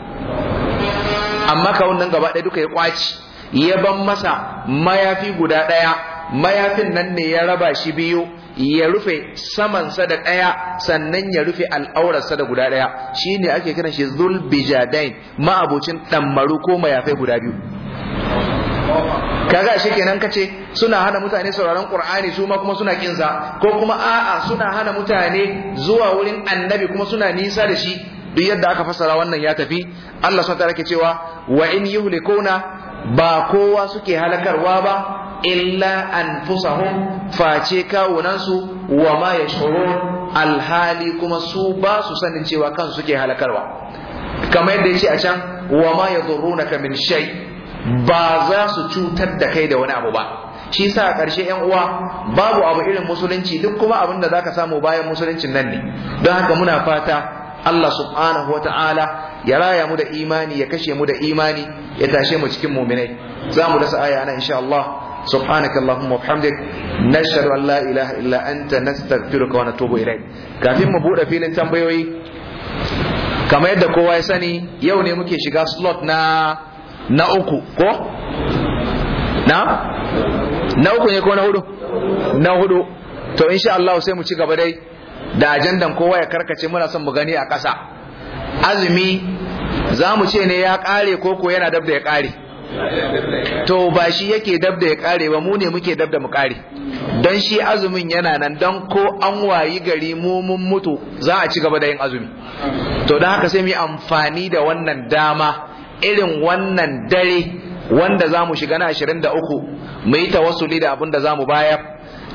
amma ka wannan gaba ɗaya duka ya kwaci ya ban masa mayafi guda ɗaya mayafin nan ne ya raba shi biyu ya rufe samansa da ɗaya sannan ya rufe al'aurarsa da guda ɗaya shine ake kiran shi zulbijadain ma'abocin ɗammaru ko mayafai guda biyu kaga shi kenan kace suna hana mutane sauraron qur'ani su ma kuma suna kinsa ko kuma a'a suna hana mutane zuwa wurin annabi kuma suna nisa da shi duk yadda aka fassara wannan ya tafi Allah sun wataala ke cewa wa in yuhlikuna ba kowa suke halakarwa ba illa an anfusahum face kawunansu wa ma yashurun alhali kuma su ba su sanin cewa kansu suke halakarwa kamar yadda yace a can wa ma yadurrunaka min shay ba za su cutar da kai da wani abu ba shi sa a ƙarshe ‘yan uwa babu abu irin musulunci duk kuma abin da za ka samu bayan musuluncin nan ne don haka muna fata Allah subhanahu wa ta'ala ya raya mu da imani ya kashe mu da imani ya tashe mu cikin muminai za mu dasa aya ana insha Allah سبحانك اللهم وبحمدك نشهد ان لا اله الا انت نستغفرك ونتوب اليك kafin mu bude filin tambayoyi kamar yadda kowa ya sani yau ne muke shiga slot na na uku ko na na uku ne ko na hudu na hudu to insha Allah sai mu ci gaba dai da ajandan kowa ya karkace muna son mu gani a ƙasa azumi za mu ce ne ya ƙare ko ko yana dab da ya ƙare to ba shi yake dab da ya ƙare ba mu ne muke dab da mu ƙare don shi azumin yana nan don ko an wayi gari mu mun mutu za a ci gaba da yin azumi to don haka sai mu yi amfani da wannan dama irin wannan dare wanda za mu shiga na ashirin da uku mu yi tawassuli da abin da za mu bayar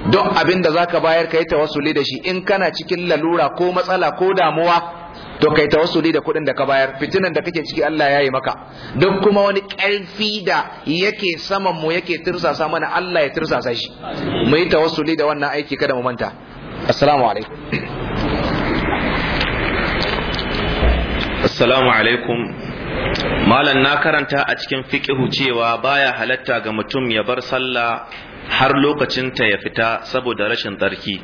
duk abin da zaka bayar ka yi tawassuli da shi in kana cikin lalura ko matsala ko damuwa to kai tawassuli da kuɗin da ka bayar fitinan da kake ciki Allah ya yi maka duk kuma wani ƙarfi da yake saman mu yake tirsasa mana Allah ya tirsasa shi mu yi tawassuli da wannan aiki kada mu manta assalamu alaikum assalamu alaikum Malam na karanta a cikin fiƙihu cewa baya halatta ga mutum ya bar sallah har lokacinta ya fita saboda rashin tsarki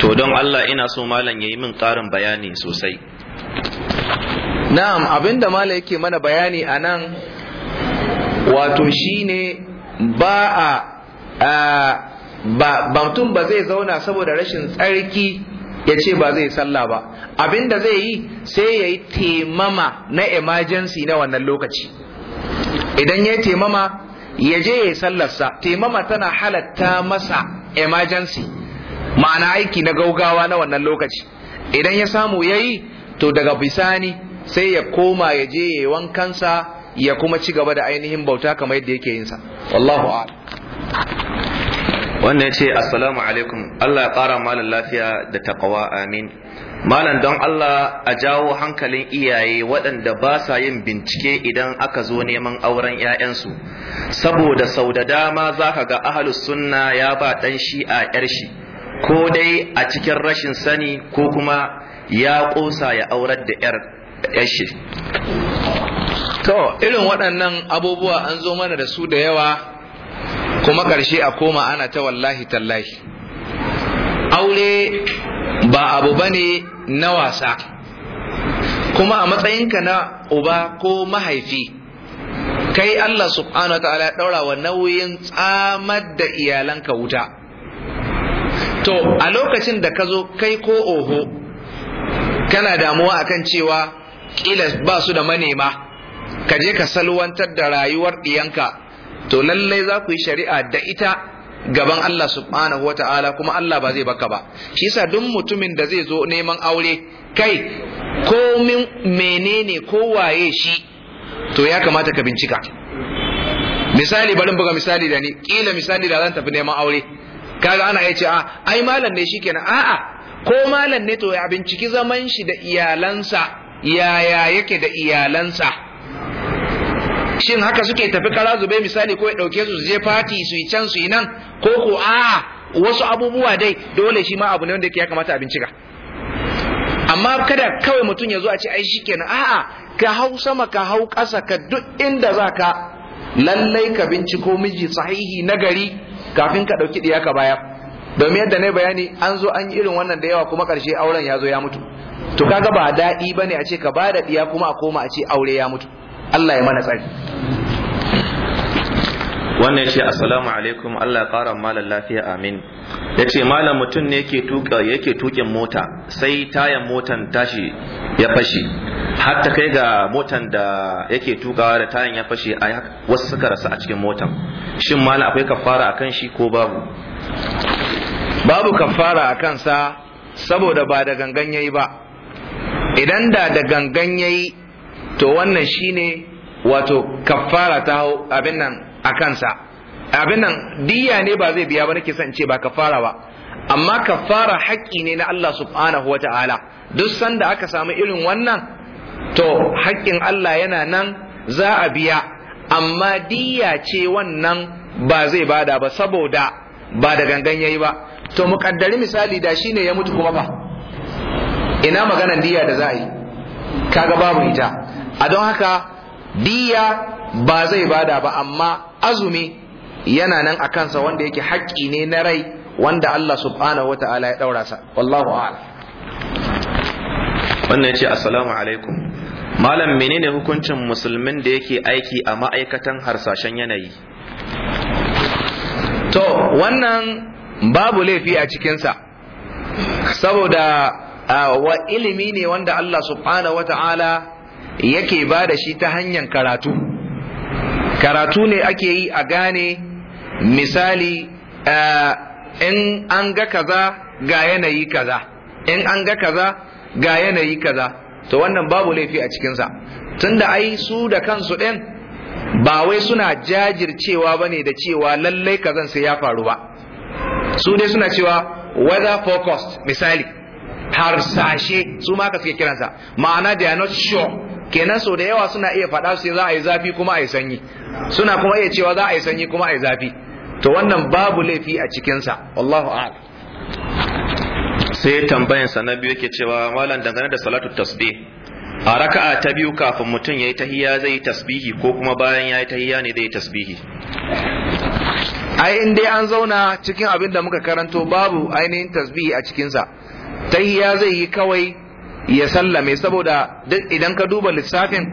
to don Allah ina so malam ya yi min ƙarin bayani sosai na'am abinda malam yake mana bayani a nan wato shine ba a ba mutum ba zai zauna saboda rashin tsarki ya ce ba zai sallah ba abinda zai yi sai ya yi temama na emergency na wannan lokaci idan ya yi temama ya je ya sallarsa taimama tana halatta masa emergency ma'ana aiki na gaugawa na wannan lokaci idan ya samu ya yi to daga bisani sai ya koma ya je ya wankansa ya kuma ci gaba da ainihin bauta kamar yadda yake yinsa wallahu a'lam wannan ya ce assalamu alaikum Allah ya kara malin lafiya da taqwa amin malam don Allah a jawo hankalin iyaye waɗanda ba sa yin bincike idan aka zo neman auren 'ya'yansu saboda sau da dama za ka ga ahalus sunna ya ba ɗan shi a 'yar shi ko dai a cikin rashin sani ko kuma ya ƙosa ya aurar da 'yar shi to irin waɗannan abubuwa an zo mana da su da yawa kuma ƙarshe a koma ana ta wallahi tallahi aure ba abu bane na wasa kuma a matsayinka na uba ko mahaifi kai Allah subhanahu ta'ala ya daura wa nauyin tsamar da iyalanka wuta to a lokacin da ka zo kai ko oho kana damuwa akan cewa kila ba su da manema ka je ka salwantar da rayuwar ɗiyanka to lallai za ku yi shari'a da ita gaban Allah subhanahu ta'ala kuma Allah ba zai baka ba shi yasa duk mutumin da zai zo neman aure kai ko menene ko waye shi to ya kamata ka bincika misali bari buga misali da ni kila misali da zan tafi neman aure kaga ana ya ce a ah, ai malam ne shikenan a'a ko malam ne to ya binciki zaman shi da iyalansa yaya yake da iyalansa shin haka suke tafi kara zube misali ko ya dauke su je fati su yi can su yi nan ko ko a wasu abubuwa dai dole shi ma abu ne wanda ya kamata a bincika amma kada kawai mutum ya zo a ce ai shi kenan, a'a ka hau sama ka hau ƙasa ka duk inda za ka lallai ka binciko miji sahihi nagari kafin ka ɗauki ɗiya ka baya domin yadda na bayani an zo an yi irin wannan da yawa kuma ƙarshe auren ya zo ya mutu to kaga ba daɗi ba ne a ce ka ba da ɗiya kuma a koma a ce aure ya mutu Allah ya mana tsari wannan ya ce assalamu alaikum Allah ya ƙara malam lafiya amin ya ce malam mutum ne yake tuka yake tukin mota sai tayan motan tashi ya fashi. har kai ga motan da yake tukawa da tayan ya fashi a wasu suka rasu a cikin motan shin malam akwai kafara kan shi ko babu babu kafara a kansa saboda ba da gangan yayi ba idan da da gangan yayi to wannan shine wato kafara ta hau abin nan a kansa abin nan diya ne ba zai biya ba nake san ce ba kafara ba amma kafara haƙƙi ne na Allah subhanahu wa ta'ala duk sanda aka samu irin wannan to haƙƙin Allah yana nan za a biya amma diya ce wannan ba zai bada ba saboda ba da gangan yayi ba to kaddari misali da shine ya mutu kuma ba ina maganan diya da za a yi kaga babu ita a don haka diya ba zai bada ba amma azumi yana nan a kansa wanda yake haƙƙi ne na rai wanda Allah subhanahu wata'ala ya ɗaura sa wallahu a'lam wannan yace assalamu alaikum malam menene hukuncin musulmin da yake aiki a ma'aikatan harsashen yanayi to wannan babu laifi a cikinsa saboda ah, wa ilimi ne wanda Allah subhanahu wata'ala yake ba da shi ta hanyar karatu karatu ne ake yi a gane misali eh, in an ga kaza ga yanayi kaza in an ga kaza ga yanayi kaza to wannan babu laifi a cikinsa tunda ai su da kansu ɗin ba wai suna jajircewa ba ne da cewa lallai kazan sai ya faru ba su dai suna cewa weather forecast misali harsashe su ma ka suke kiransa ma'ana they are not sure kenan so da yawa suna iya faɗa sai za a yi zafi kuma a yi sanyi suna kuma iya cewa za a yi sanyi kuma a yi zafi to wannan babu laifi a cikinsa wallahu a'lam sai tambayan sa na biyu yake cewa malam dangane da salatu tasbih a raka'a ta biyu kafin mutum yayi tahiyya zai yi tasbihi ko kuma bayan yayi tahiyya ne zai yi tasbihi ai in dai an zauna cikin abin da muka karanto babu ainihin tasbihi a cikinsa tahiyya zai yi kawai ya sallame saboda duk idan ka duba lissafin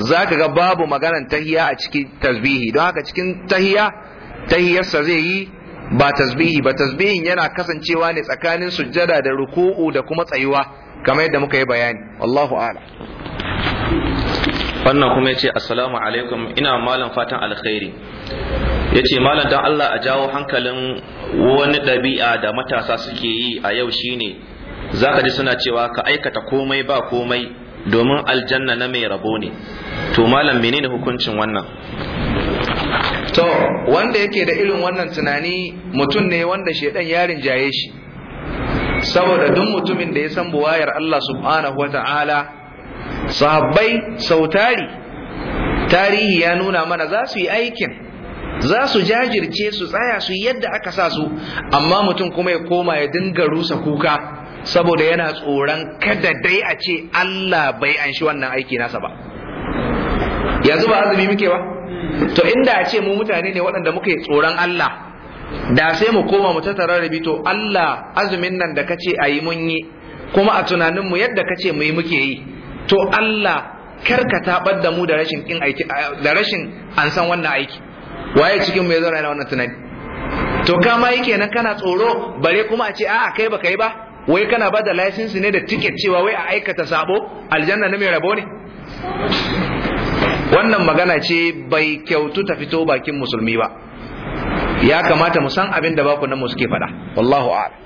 za ka ga babu maganar tahiya a cikin tasbihi don haka cikin tahiya tahiyarsa zai yi ba tasbihi ba tasbihin yana kasancewa ne tsakanin sujjada da ruku'u da kuma tsayuwa kamar yadda muka yi bayani wallahu ala wannan kuma ya ce assalamu alaikum ina malam fatan alkhairi ya ce malam don Allah a jawo hankalin wani ɗabi'a da matasa suke yi a yau shine zaka ji suna cewa ka aikata komai ba komai domin aljanna na mai rabo ne to malam menene hukuncin wannan to wanda yake da irin wannan tunani mutum ne wanda shedan yarin jaye shi saboda duk mutumin da ya san buwayar Allah subhanahu wata'ala sahabbai sautari tarihi ya nuna mana za su yi aikin za su jajirce su tsaya su yadda aka sa su amma mutum kuma ya koma ya dinga rusa kuka saboda yana tsoron kada dai a ce Allah bai anshi wannan aiki nasa ba yanzu ba azumi muke ba to inda a ce mu mutane ne waɗanda muke tsoron Allah da sai mu koma mu tattara rabi to Allah azumin nan da kace a yi mun yi kuma a tunanin mu yadda kace mu yi muke yi to Allah kar ka tabar da mu da rashin kin aiki da rashin an san wannan aiki waye cikin mu ya zauna yana wannan tunani to kama yake nan kana tsoro bare kuma a ce a'a kai baka yi ba wai kana ba da license ne da ticket cewa wai a aikata sabo aljanna na mai rabo ne wannan magana ce bai kyautu ta fito bakin musulmi ba ya kamata mu san abin da baku nan mu suke faɗa wallahu a'lam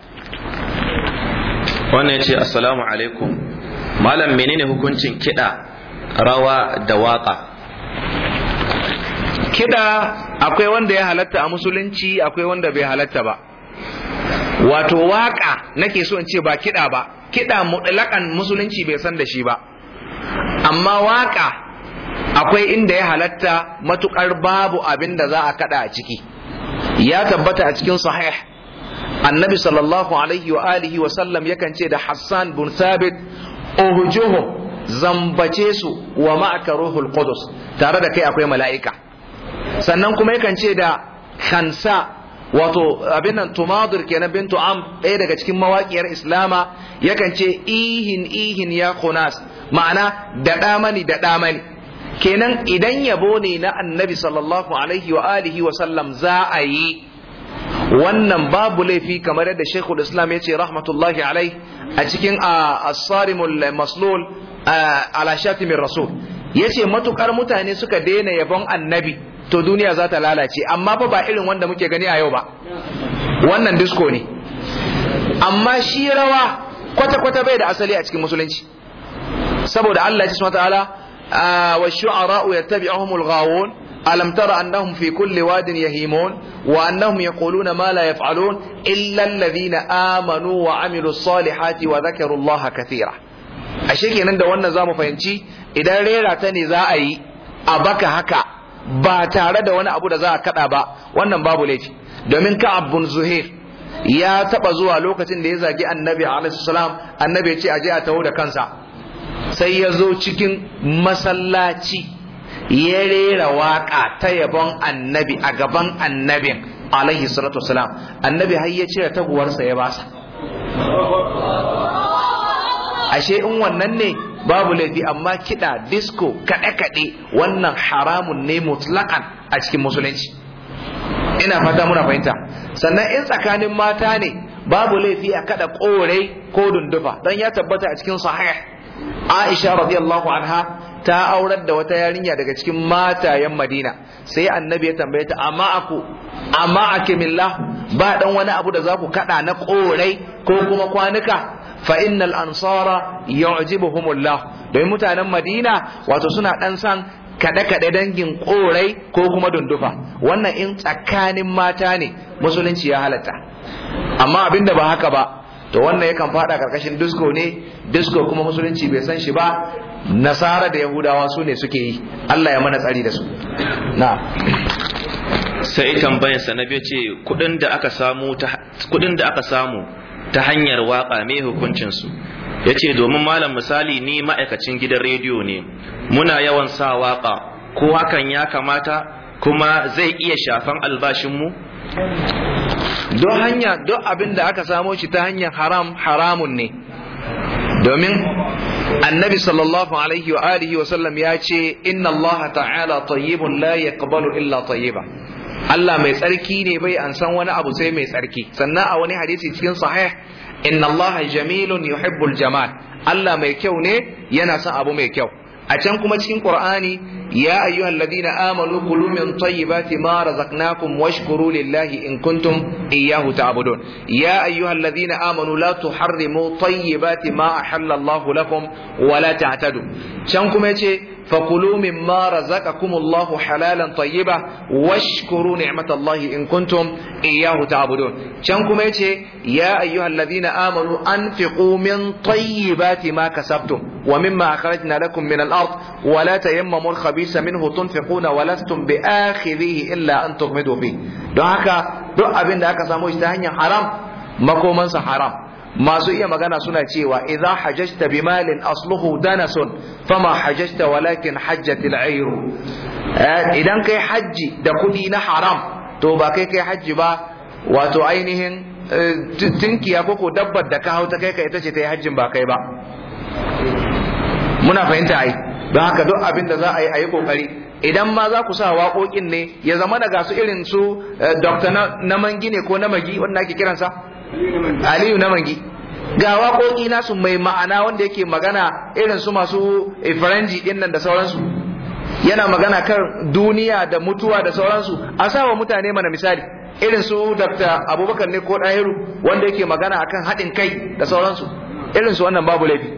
wannan yace assalamu alaikum malam menene hukuncin kiɗa rawa da waƙa kiɗa akwai wanda ya halatta a musulunci akwai wanda bai halatta ba wato waka nake so in ce ba kiɗa ba kiɗa mutlaƙan musulunci bai san da shi ba amma waka akwai inda ya halatta matukar babu abinda za a kaɗa a ciki ya tabbata a cikin sahih annabi sallallahu alaihi wa alihi wa sallam yakan ce da hassan bin sabit ohujuhu zambace su wa ma'aka ruhul qudus tare da kai akwai mala'ika sannan kuma yakan ce da khansa wato abin nan tumadur kenan bintu am ɗaya daga cikin mawakiyar islama yakan ce ihin ihin ya kunas ma'ana daɗa mani daɗa mani kenan idan yabo ne na annabi sallallahu alaihi wa alihi wa sallam za a yi wannan babu laifi kamar yadda shekul islam ya ce rahmatullahi alai a cikin asarimul maslul ala shatimin rasul ya ce matukar mutane suka daina yabon annabi to duniya za ta lalace amma fa ba irin wanda muke gani a yau ba wannan disco ne amma shi rawa kwata-kwata bai da asali a cikin musulunci saboda Allah ya ce subhanahu ta'ala ah, wa shu'ara'u yattabi'uhumul ghawun alam tara annahum fi kulli wadin yahimun wa annahum yaquluna ma la yaf'alun illa alladhina amanu wa amilus salihati wa dhakaru Allah kathira ashe kenan da wannan zamu fahimci idan rera ta ne za a yi a baka haka ba tare da wani abu da za a kada ba wannan babu laifi domin ka abun zuhair ya taba zuwa lokacin da ya zagi annabi alaihi salam annabi ya ce aje a taho da kansa sai ya zo cikin masallaci ya rera waka ta yabon annabi a gaban annabin alaihi salatu wasalam annabi har ya cire taguwarsa ya basa ashe in wannan ne babu laifi amma kiɗa disco kaɗe-kaɗe wannan haramun ne mutlaƙan a cikin musulunci ina fata muna fahimta sannan in tsakanin mata ne babu laifi a kaɗa ƙorai ko dundufa don ya tabbata a cikin sahih aisha radiyallahu anha ta aurar da wata yarinya daga cikin matayen Madina sai annabi ya tambaye ta amma aku amma akimillah ba dan wani abu da za ku kada na korai ko kuma kwanuka fa innal ansara yu'jibuhumullah domin mutanen Madina wato suna dan san kaɗe-kaɗe dangin ƙorai ko kuma dundufa wannan in tsakanin mata ne musulunci ya halatta amma abinda ba haka ba to wannan yakan fada karkashin disko ne disco kuma musulunci bai san shi ba nasara da yahudawa su ne suke yi Allah ya mana tsari da su na sai kan bayan na ya ce kudin da aka samu ta kudin da aka samu ta hanyar waka mai hukuncin su yace domin malam misali ni ma'aikacin gidan rediyo ne muna yawan sa waka ko hakan ya kamata kuma zai iya shafan albashin mu don hanya don abin da aka samo shi ta hanyar haram haramun ne domin annabi sallallahu alaihi wa alihi wa sallam ya ce inna allaha ta'ala tayyibun la yaqbalu illa tayyiba Allah mai tsarki ne bai an san wani abu sai mai tsarki sannan a wani hadisi cikin sahih inna allaha jamilun yuhibbul jamal Allah mai kyau ne yana son abu mai kyau a can kuma cikin qur'ani ya ayyuhal ladina amanu kulu min tayyibati ma razaqnakum washkuru lillahi in kuntum iyyahu ta'budun ya ayyuhal ladina amanu la tuharrimu tayyibati ma ahalla Allah lakum wa la ta'tadu can kuma yace فكلوا مما رزقكم الله حلالا طيبا واشكروا نعمة الله إن كنتم إياه تعبدون شانكم يتي يا أيها الذين آمنوا أنفقوا من طيبات ما كسبتم ومما أخرجنا لكم من الأرض ولا تيمموا الخبيث منه تنفقون ولستم بآخذيه إلا أن تغمدوا فيه دعك دعا بين دعك سامو اجتهانيا حرام مكومنس حرام masu iya magana suna cewa idza hajajta bi malin asluhu danasun fama hajajta walakin hajjatil ayru eh, idan kai hajji da kudi na haram to ba kai kai hajji ba wato ainihin eh, tinkiya ko dabbar da ka hauta kai ka ita ce ta yi hajjin ba kai ba muna fahimta ai don haka duk abin da za a yi a kokari idan ma za ku sa waƙoƙin ne ya zama da su irin su eh, Dr. na mangine ko na magi wanda ake kiransa aliyu na mangi ga waƙoƙi nasu mai ma'ana wanda yake magana irin su masu eh, faranji din nan da sauransu yana magana kan duniya da mutuwa da sauransu a sawa mutane mana misali irin su dr abubakar ne ko ɗahiru wanda yake magana akan haɗin kai da sauransu irin su wannan babu laifi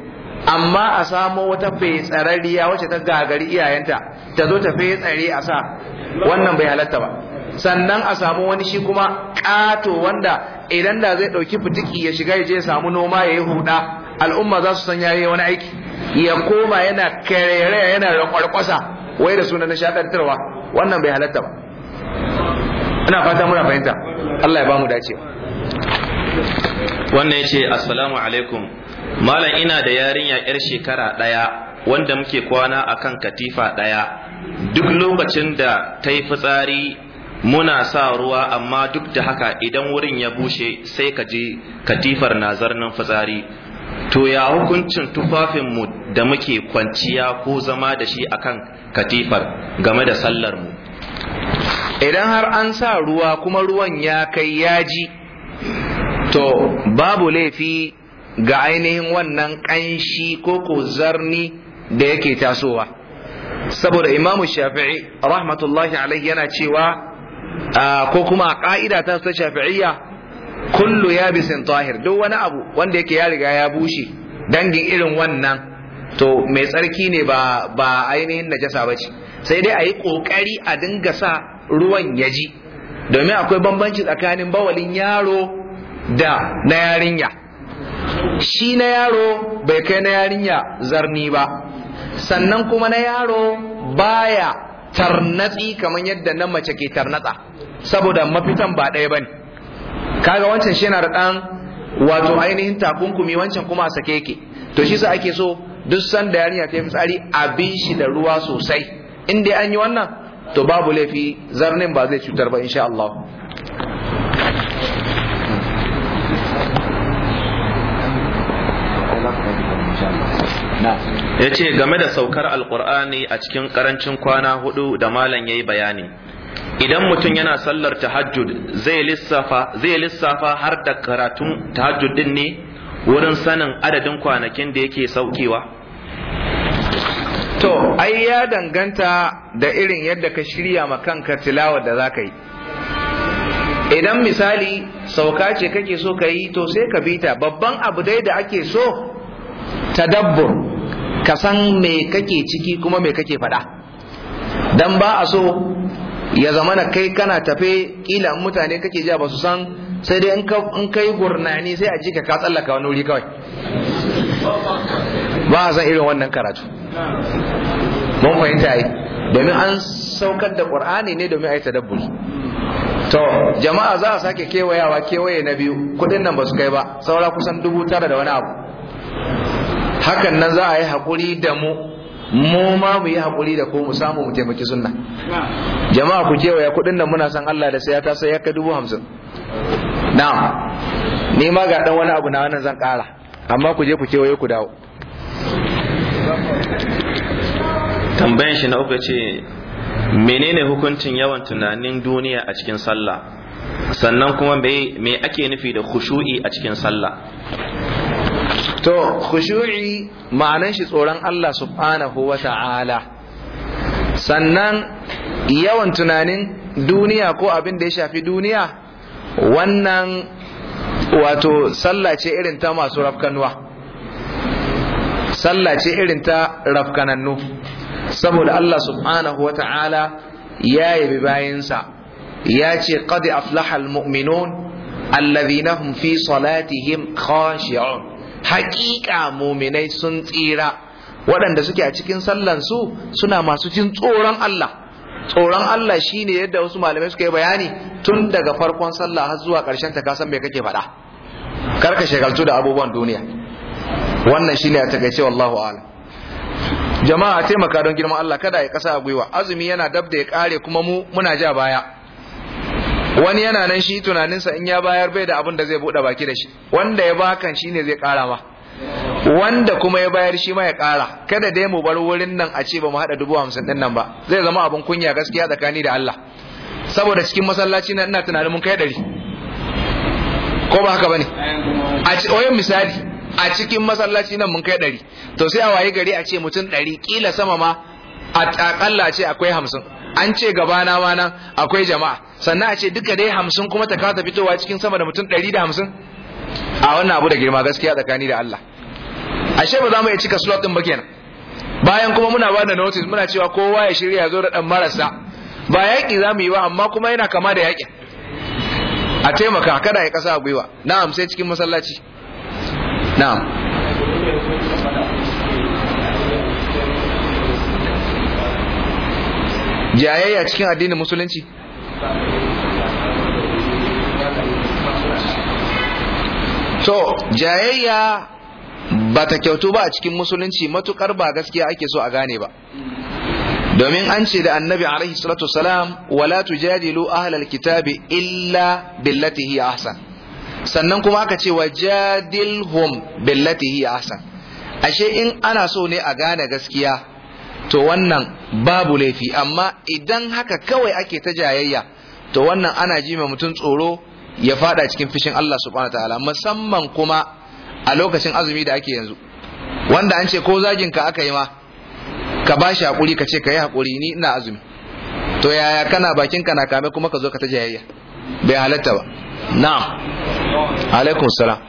amma a samo wata fetsararriya wacce ta gagari iyayenta ta zo ta fetsare a sa wannan bai halatta ba sannan a samu wani shi kuma ƙato wanda idan da zai ɗauki fitiki ya shiga ya je ya samu noma ya yi huda al'umma za su san ya yi wani aiki ya koma yana karere yana rakwarkwasa wai da sunan nishaɗantarwa wannan bai halatta ba ina fata muna fahimta Allah ya ba mu dace wannan ya ce assalamu alaikum malam ina da yarinya yar shekara ɗaya wanda muke kwana akan katifa ɗaya duk lokacin da ta yi fitsari muna sa ruwa amma duk da haka idan wurin ya bushe sai ka ji katifar na zarnin fitsari to ya hukuncin tufafinmu da muke kwanciya ko zama da shi akan katifar game da sallar mu. idan har an sa ruwa kuma ruwan ya kai yaji to babu laifi ga ainihin wannan ƙanshi ko ko zarni da yake tasowa saboda imamu shafi'i rahmatullahi alaihi yana cewa ko kuma a ƙa'ida ta ta shafi'iyya kullu ya bisin tahir duk wani abu wanda yake ya riga ya bushe dangin irin wannan to mai tsarki ne ba ba ainihin najasa ba ce sai dai a yi ƙoƙari a dinga sa ruwan ya ji domin akwai bambanci tsakanin bawalin yaro da na yarinya shi na yaro bai kai na yarinya zarni ba sannan kuma na yaro baya tarnatsi kamar yadda nan mace ke tarnatsa saboda mafitan ba ɗaya bane kaga wancan shi yana da ɗan wato ainihin takunkumi wancan kuma a sake yake to shi sa ake so duk sanda yarinya ta yi fitsari a bi shi da ruwa sosai in dai an yi wannan to babu laifi zarnin ba zai cutar ba insha Allah ya ce game da saukar alkur'ani a cikin karancin kwana hudu da malam ya yi bayani idan mutum yana sallar tahajjud zai lissafa har da karatun tahajjud din ne wurin sanin adadin kwanakin da yake saukewa to ai ya danganta da irin yadda ka shirya ma kanka tilawa da ka yi idan misali sauka ce kake so ka yi to sai ka bita babban abu dai da ake so tadabbur Kasan san me kake ciki kuma me kake faɗa dan ba a so ya zama na kai kana tafe kila mutane kake ja ba su san sai dai in kai gurnani sai a ji ka tsallaka wani wuri kawai ba a san irin wannan karatu mun fahimta ai domin an saukar da Ƙur'ani ne domin ai tadabbur to jama'a za a sake kewayawa kewaye na biyu kuɗin nan ba su kai ba saura kusan dubu tara da wani abu hakan nan za a yi haƙuri da mu mu ma mu yi haƙuri da ku mu samu mu taimaki sunna jama'a ku waya kuɗin nan muna san Allah da sai ya sai ya ka dubu hamsin na'am ni ma ga dan wani abu na wannan zan ƙara amma ku je ku kewaye ku dawo tambayan shi na uku ce menene hukuncin yawan tunanin duniya a cikin sallah sannan kuma me ake nufi da khushu'i a cikin sallah to khushu'i ma'anan shi tsoron Allah subhanahu wa ta'ala sannan yawan tunanin duniya ko abin da ya shafi duniya wannan wato sallah ce irin ta masu rafkanuwa sallah ce irin ta rafkanannu saboda Allah subhanahu wa ta'ala ya yabi bayansa ya ce qad aflaha mu'minun alladhina hum fi salatihim khashi'un haƙiƙa muminai sun tsira waɗanda suke a cikin sallansu suna masu jin tsoron Allah tsoron Allah shine yadda wasu malamai suka yi bayani tun daga farkon sallah har zuwa ƙarshen ta kasan me kake faɗa Karka ka shagaltu da abubuwan duniya wannan shine a takaice wallahu a'lam jama'a taimaka don girman Allah kada ya kasa gwiwa azumi yana dab da ya kare kuma mu muna ja baya wani yana nan shi tunaninsa in ya bayar bai da abin da zai buɗe baki da shi wanda ya baka shi ne zai ƙara ma wanda kuma ya bayar shi ma ya ƙara kada dai mu bar wurin nan a ce ba mu haɗa dubu hamsin ɗin nan ba zai zama abin kunya gaskiya tsakani da Allah saboda cikin masallaci na ina tunanin mun kai ɗari ko ba haka bane a wayan misali a cikin masallaci nan mun kai ɗari to sai a waye gari a ce mutum ɗari kila sama ma a ƙalla ce akwai hamsin an ce gabana ma nan akwai jama'a sannan a ce duka dai hamsin kuma ta kasa fitowa cikin sama da mutum ɗari da hamsin a wannan abu da girma gaskiya tsakani da Allah ashe ba za mu iya cika slot ɗin ba kenan bayan kuma muna ba da notice muna cewa kowa ya shirya zo da ɗan marasa ba yaƙi za mu yi ba amma kuma yana kama da yaƙin a taimaka kada ya ƙasa gwiwa na'am sai cikin masallaci na'am jayayya cikin addinin musulunci so jayayya ba ta kyautu ba a cikin musulunci matukar ba gaskiya ake so a gane ba domin an ce da annabi alaihi salatu salam wala tujadilu ahlal kitabi illa billati hiya ahsan sannan kuma aka ce wajadilhum billati hiya ahsan ashe in ana so ne a gane gaskiya to wannan babu laifi amma idan haka kawai ake ta jayayya to wannan ana ji ma mutum tsoro ya fada cikin fishin Allah subhanahu ta'ala musamman kuma a lokacin azumi da ake yanzu wanda an ce ko zagin ka aka yi ma ka bashi hakuri ka ce ka yi hakuri ni ina azumi to yaya kana bakin ka na kame kuma ka zo ka ta jayayya bai halatta ba na'am alaikum salam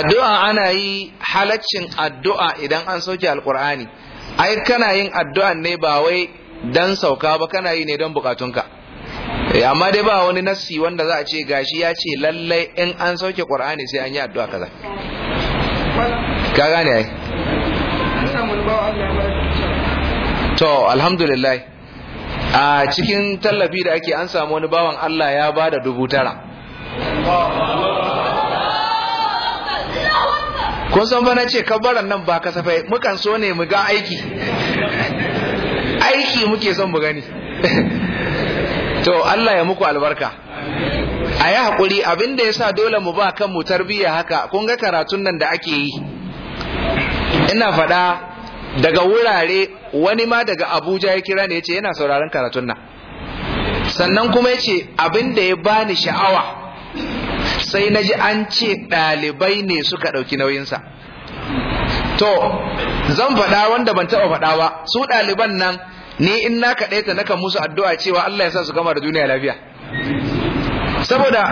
addu'a ana yi halaccin addu'a idan an sauke alkur'ani ai kana yin addu'a ne ba wai dan sauka ba kana yi ne don bukatunka eh, amma dai ba wani nassi wanda za a ce gashi ya ce lallai in an sauke qur'ani sai an yi addu'a kaza ka gane ai to alhamdulillah a cikin tallafi da ake an samu wani bawan Allah ya ba da dubu tara kun san bana ce kabaran nan ba kasafai mukan so ne mu ga aiki aiki muke son mu gani to Allah ya muku albarka a yi haƙuri abinda ya sa dole mu ba kanmu tarbiyya haka kun ga karatun nan da ake yi ina faɗa daga wurare wani ma daga abuja ya kira ne ya ce yana sauraron karatun nan sannan kuma ya ce abin da ya bani sha'awa sai na ji an ce ɗalibai ne suka ɗauki nauyinsa to zan faɗa wanda ban taɓa faɗa ba su ɗaliban nan ni in na kaɗai ta nakan musu addu'a cewa Allah ya sa su gama da duniya lafiya saboda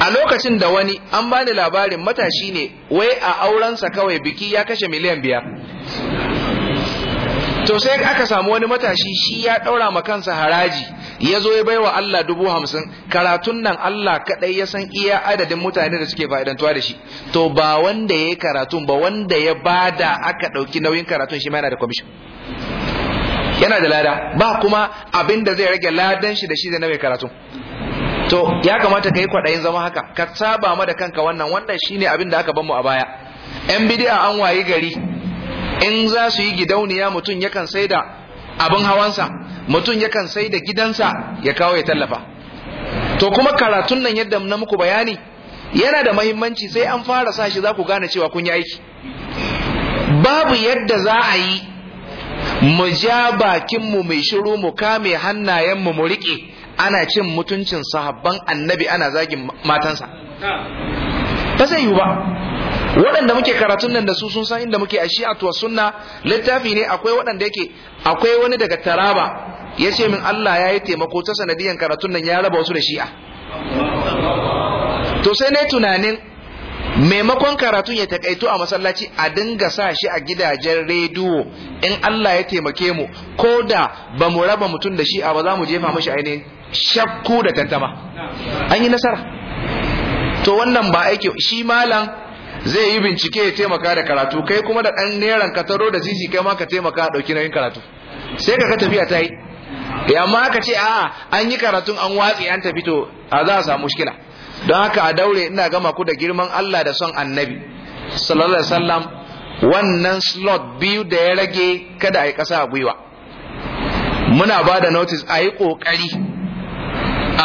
a lokacin da wani an bani labarin matashi ne wai a aurensa kawai biki ya kashe miliyan biyar to sai aka samu wani matashi shi ya ɗaura ma kansa haraji ya zo ya bai wa Allah dubu hamsin karatun nan Allah kaɗai ya san iya adadin mutane da suke fa'idantuwa da shi to ba wanda ya yi karatun ba wanda ya bada aka ɗauki nauyin karatun shi ma yana da kwamishin yana da lada ba kuma abin da zai rage ladan shi da shi zai na mai karatu to ya kamata ka yi kwaɗayin zama haka ka saba ma da kanka wannan wannan shine abin da aka ban mu a baya yan bidi'a an wayi gari in za su yi gidauniya mutum yakan sai da abin hawansa mutum yakan sai da gidansa ya kawo ya tallafa to kuma karatun nan yadda na muku bayani yana da mahimmanci sai an fara sa shi za ku gane cewa kun yi aiki babu yadda za a yi mu ja bakinmu mai shiru mu kame hannayen mu mu riƙe ana cin mutuncin sahabban annabi ana zagin matansa ba zai yiwu ba waɗanda muke karatun nan da su sun san inda muke a shi'a tuwa sunna littafi ne akwai waɗanda yake akwai wani daga taraba ya ce min Allah ya yi taimako ta sanadiyan karatun nan ya raba wasu da shi'a to sai ne tunanin maimakon karatun ya taƙaito a masallaci a dinga sa shi a gidajen rediyo in Allah ya taimake mu ko da ba mu raba mutum da shi'a ba za mu jefa mashi ainihin shakku da tantama an yi nasara to wannan ba aiki shi malam zai yi bincike ya taimaka da karatu kai kuma da ɗan neran ka taro da sisi kai ma ka taimaka a ɗauki nauyin karatu sai ka ka tafiya ta ya eh, amma aka ce a an yi karatun an watsi an tafi to a za a samu mushkila don haka a daure ina gama ku da girman Allah da son annabi sallallahu alaihi wasallam wannan slot biyu da ya rage kada a yi ƙasa a gwiwa muna ba da notice a yi ƙoƙari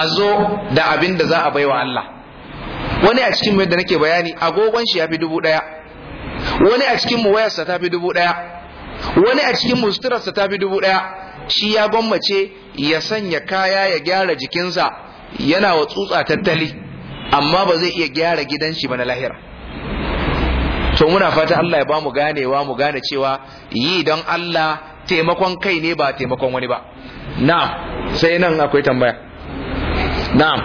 a zo da abin da za a baiwa Allah wani a cikin mu yadda nake bayani agogon shi ya fi dubu ɗaya wani a cikin mu wayarsa ta fi dubu ɗaya wani a cikin mu suturarsa ta fi dubu ɗaya shi ya gwammace ya sanya kaya ya gyara jikinsa yana wa tsutsa tattali amma ba zai iya gyara gidan shi ba na lahira to muna fata Allah ya ba mu ganewa mu gane cewa yi don Allah taimakon kai ne ba taimakon wani ba na'am sai nan akwai tambaya na'am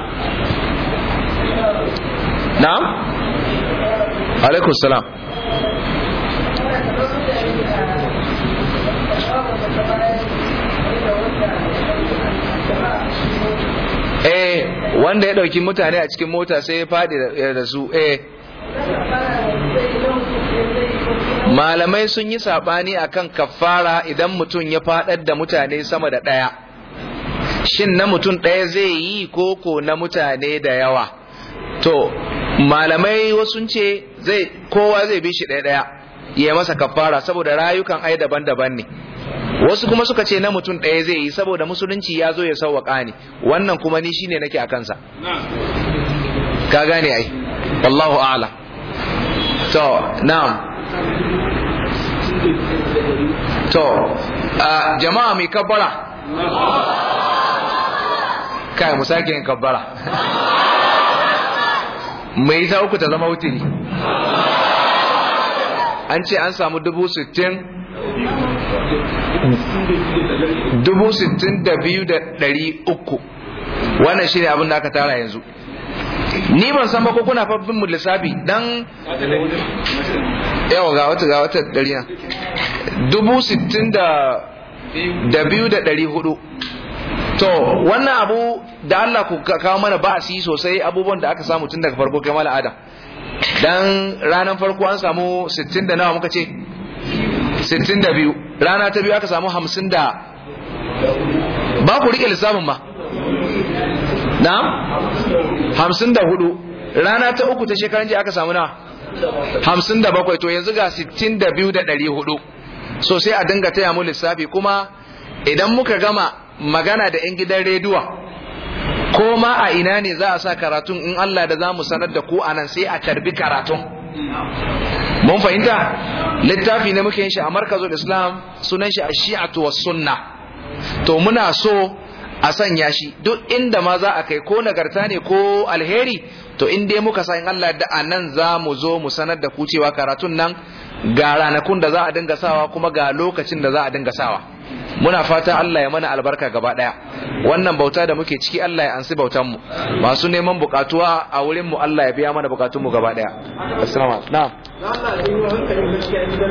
na'am alaikum salam eh wanda ya dauki mutane a cikin mota sai ya fadi eh, da su eh malamai sun yi sabani akan kafara idan mutum ya fadar da mutane sama da daya shin na mutum daya zai yi koko na mutane da yawa to malamai wasu ce zai kowa zai bi shi ɗaya ya masa kafara saboda rayukan ai daban-daban ne wasu kuma suka ce na mutum ɗaya zai yi saboda musulunci ya zo ya sauwaƙa ne wannan kuma ni shine nake a kansa ka gane ai wallahu a'la to na'am to jama'a mai kabbara kai mu sake yin kabbara mai ta uku ta zama wutiri an ce an samu dubu sittin dubu sittin da biyu da ɗari uku wannan shi ne abin da aka tara yanzu ni ban san bako ko kuna fafin mu lissafi dan yawa ga wata ga wata ɗari na dubu sittin da biyu da ɗari hudu to wannan abu da Allah ku kawo mana ba'asi sosai abubuwan da aka samu tun daga farko kai mala adam dan ranar farko an samu 60 da nawa muka ce 62 rana ta biyu aka samu 50 da ba ku rike lissafin ba na 54 rana ta uku ta shekaran jiya aka samu na 57 to yanzu ga 62 da 400 so sai a dinga taya mu lissafi kuma idan muka gama magana da 'yan gidan rediyon ko ma a ina ne za a sa karatun in Allah da za mu sanar da ku anan sai a tarbi karatun mun fahimta littafi ne muke yin shi a markazul islam sunan shi a shi'atu was sunna to muna so a sanya shi duk inda ma za a kai ko nagarta ne ko alheri to in dai muka sa in Allah da anan za mu zo mu sanar da ku cewa karatun nan ga ranakun da za a dinga sawa kuma ga lokacin da za a dinga sawa muna fata Allah ya mana albarka gaba daya wannan bauta da muke ciki Allah ya ansi bautan mu masu neman bukatuwa a wurin mu Allah ya biya mana bukatun mu gaba daya assalamu alaikum